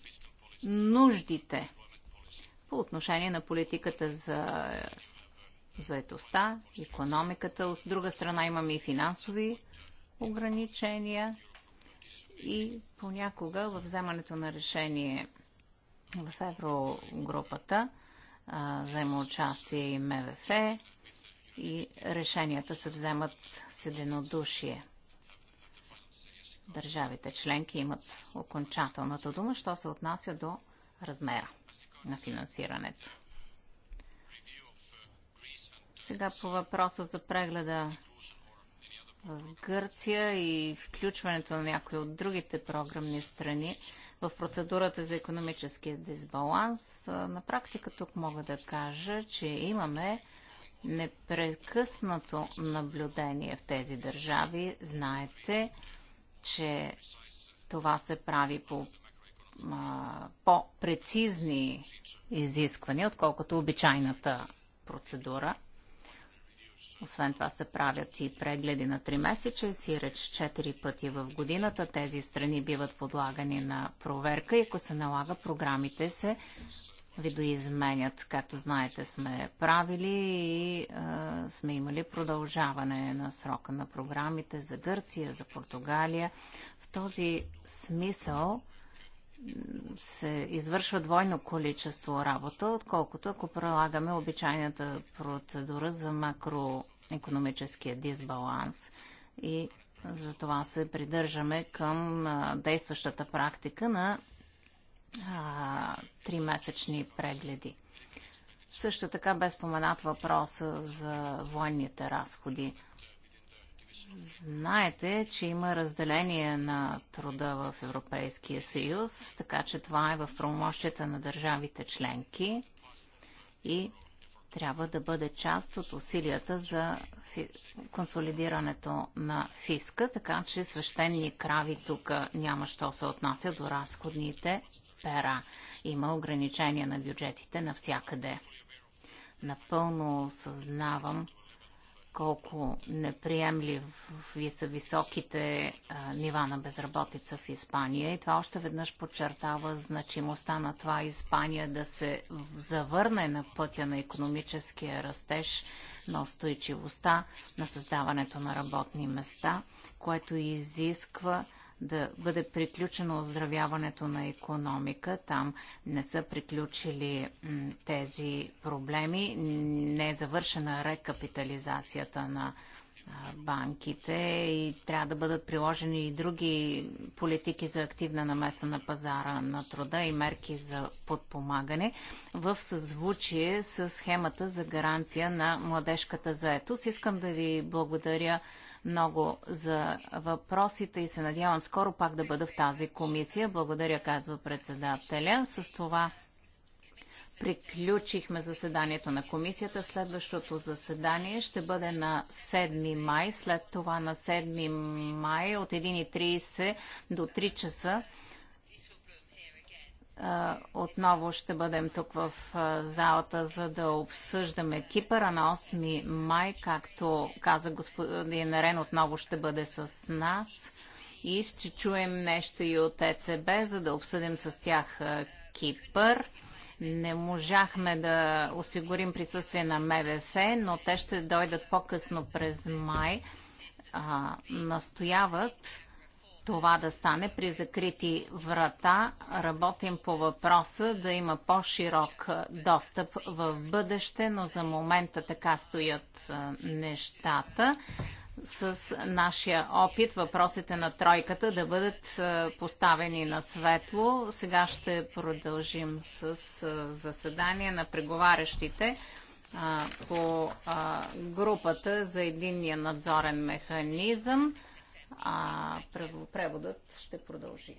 нуждите по отношение на политиката за заетостта, економиката. От друга страна имаме и финансови ограничения и понякога във вземането на решение в еврогрупата взема участие и МВФ и решенията се вземат с единодушие. Държавите членки имат окончателната дума, що се отнася до размера на финансирането. Сега по въпроса за прегледа в Гърция и включването на някои от другите програмни страни в процедурата за економическия дисбаланс. На практика тук мога да кажа, че имаме непрекъснато наблюдение в тези държави. Знаете, че това се прави по по-прецизни изисквания, отколкото обичайната процедура – освен това се правят и прегледи на три месече, си реч четири пъти в годината. Тези страни биват подлагани на проверка и ако се налага, програмите се видоизменят. Както знаете, сме правили и е, сме имали продължаване на срока на програмите за Гърция, за Португалия. В този смисъл се извършва двойно количество работа, отколкото ако прилагаме обичайната процедура за макроекономическия дисбаланс. И за това се придържаме към действащата практика на три тримесечни прегледи. Също така бе споменат въпроса за военните разходи. Знаете, че има разделение на труда в Европейския съюз, така че това е в правомощията на държавите членки и трябва да бъде част от усилията за фи... консолидирането на фиска, така че свещени крави тук няма що се отнася до разходните пера. Има ограничения на бюджетите навсякъде. Напълно осъзнавам колко неприемливи са високите а, нива на безработица в Испания. И това още веднъж подчертава значимостта на това Испания да се завърне на пътя на економическия растеж, на устойчивостта, на създаването на работни места, което изисква да бъде приключено оздравяването на економика. Там не са приключили тези проблеми. Не е завършена рекапитализацията на банките и трябва да бъдат приложени и други политики за активна намеса на пазара на труда и мерки за подпомагане в съзвучие с схемата за гаранция на младежката заетост. Искам да ви благодаря много за въпросите и се надявам скоро пак да бъда в тази комисия. Благодаря, казва председателя. С това приключихме заседанието на комисията. Следващото заседание ще бъде на 7 май, след това на 7 май от 1.30 до 3 часа отново ще бъдем тук в залата, за да обсъждаме Кипъра на 8 май, както каза господин Рен, отново ще бъде с нас и ще чуем нещо и от ЕЦБ, за да обсъдим с тях Кипър. Не можахме да осигурим присъствие на МВФ, но те ще дойдат по-късно през май. А, настояват това да стане при закрити врата. Работим по въпроса да има по-широк достъп в бъдеще, но за момента така стоят нещата. С нашия опит въпросите на тройката да бъдат поставени на светло. Сега ще продължим с заседание на преговарящите по групата за единния надзорен механизъм а преводът ще продължи.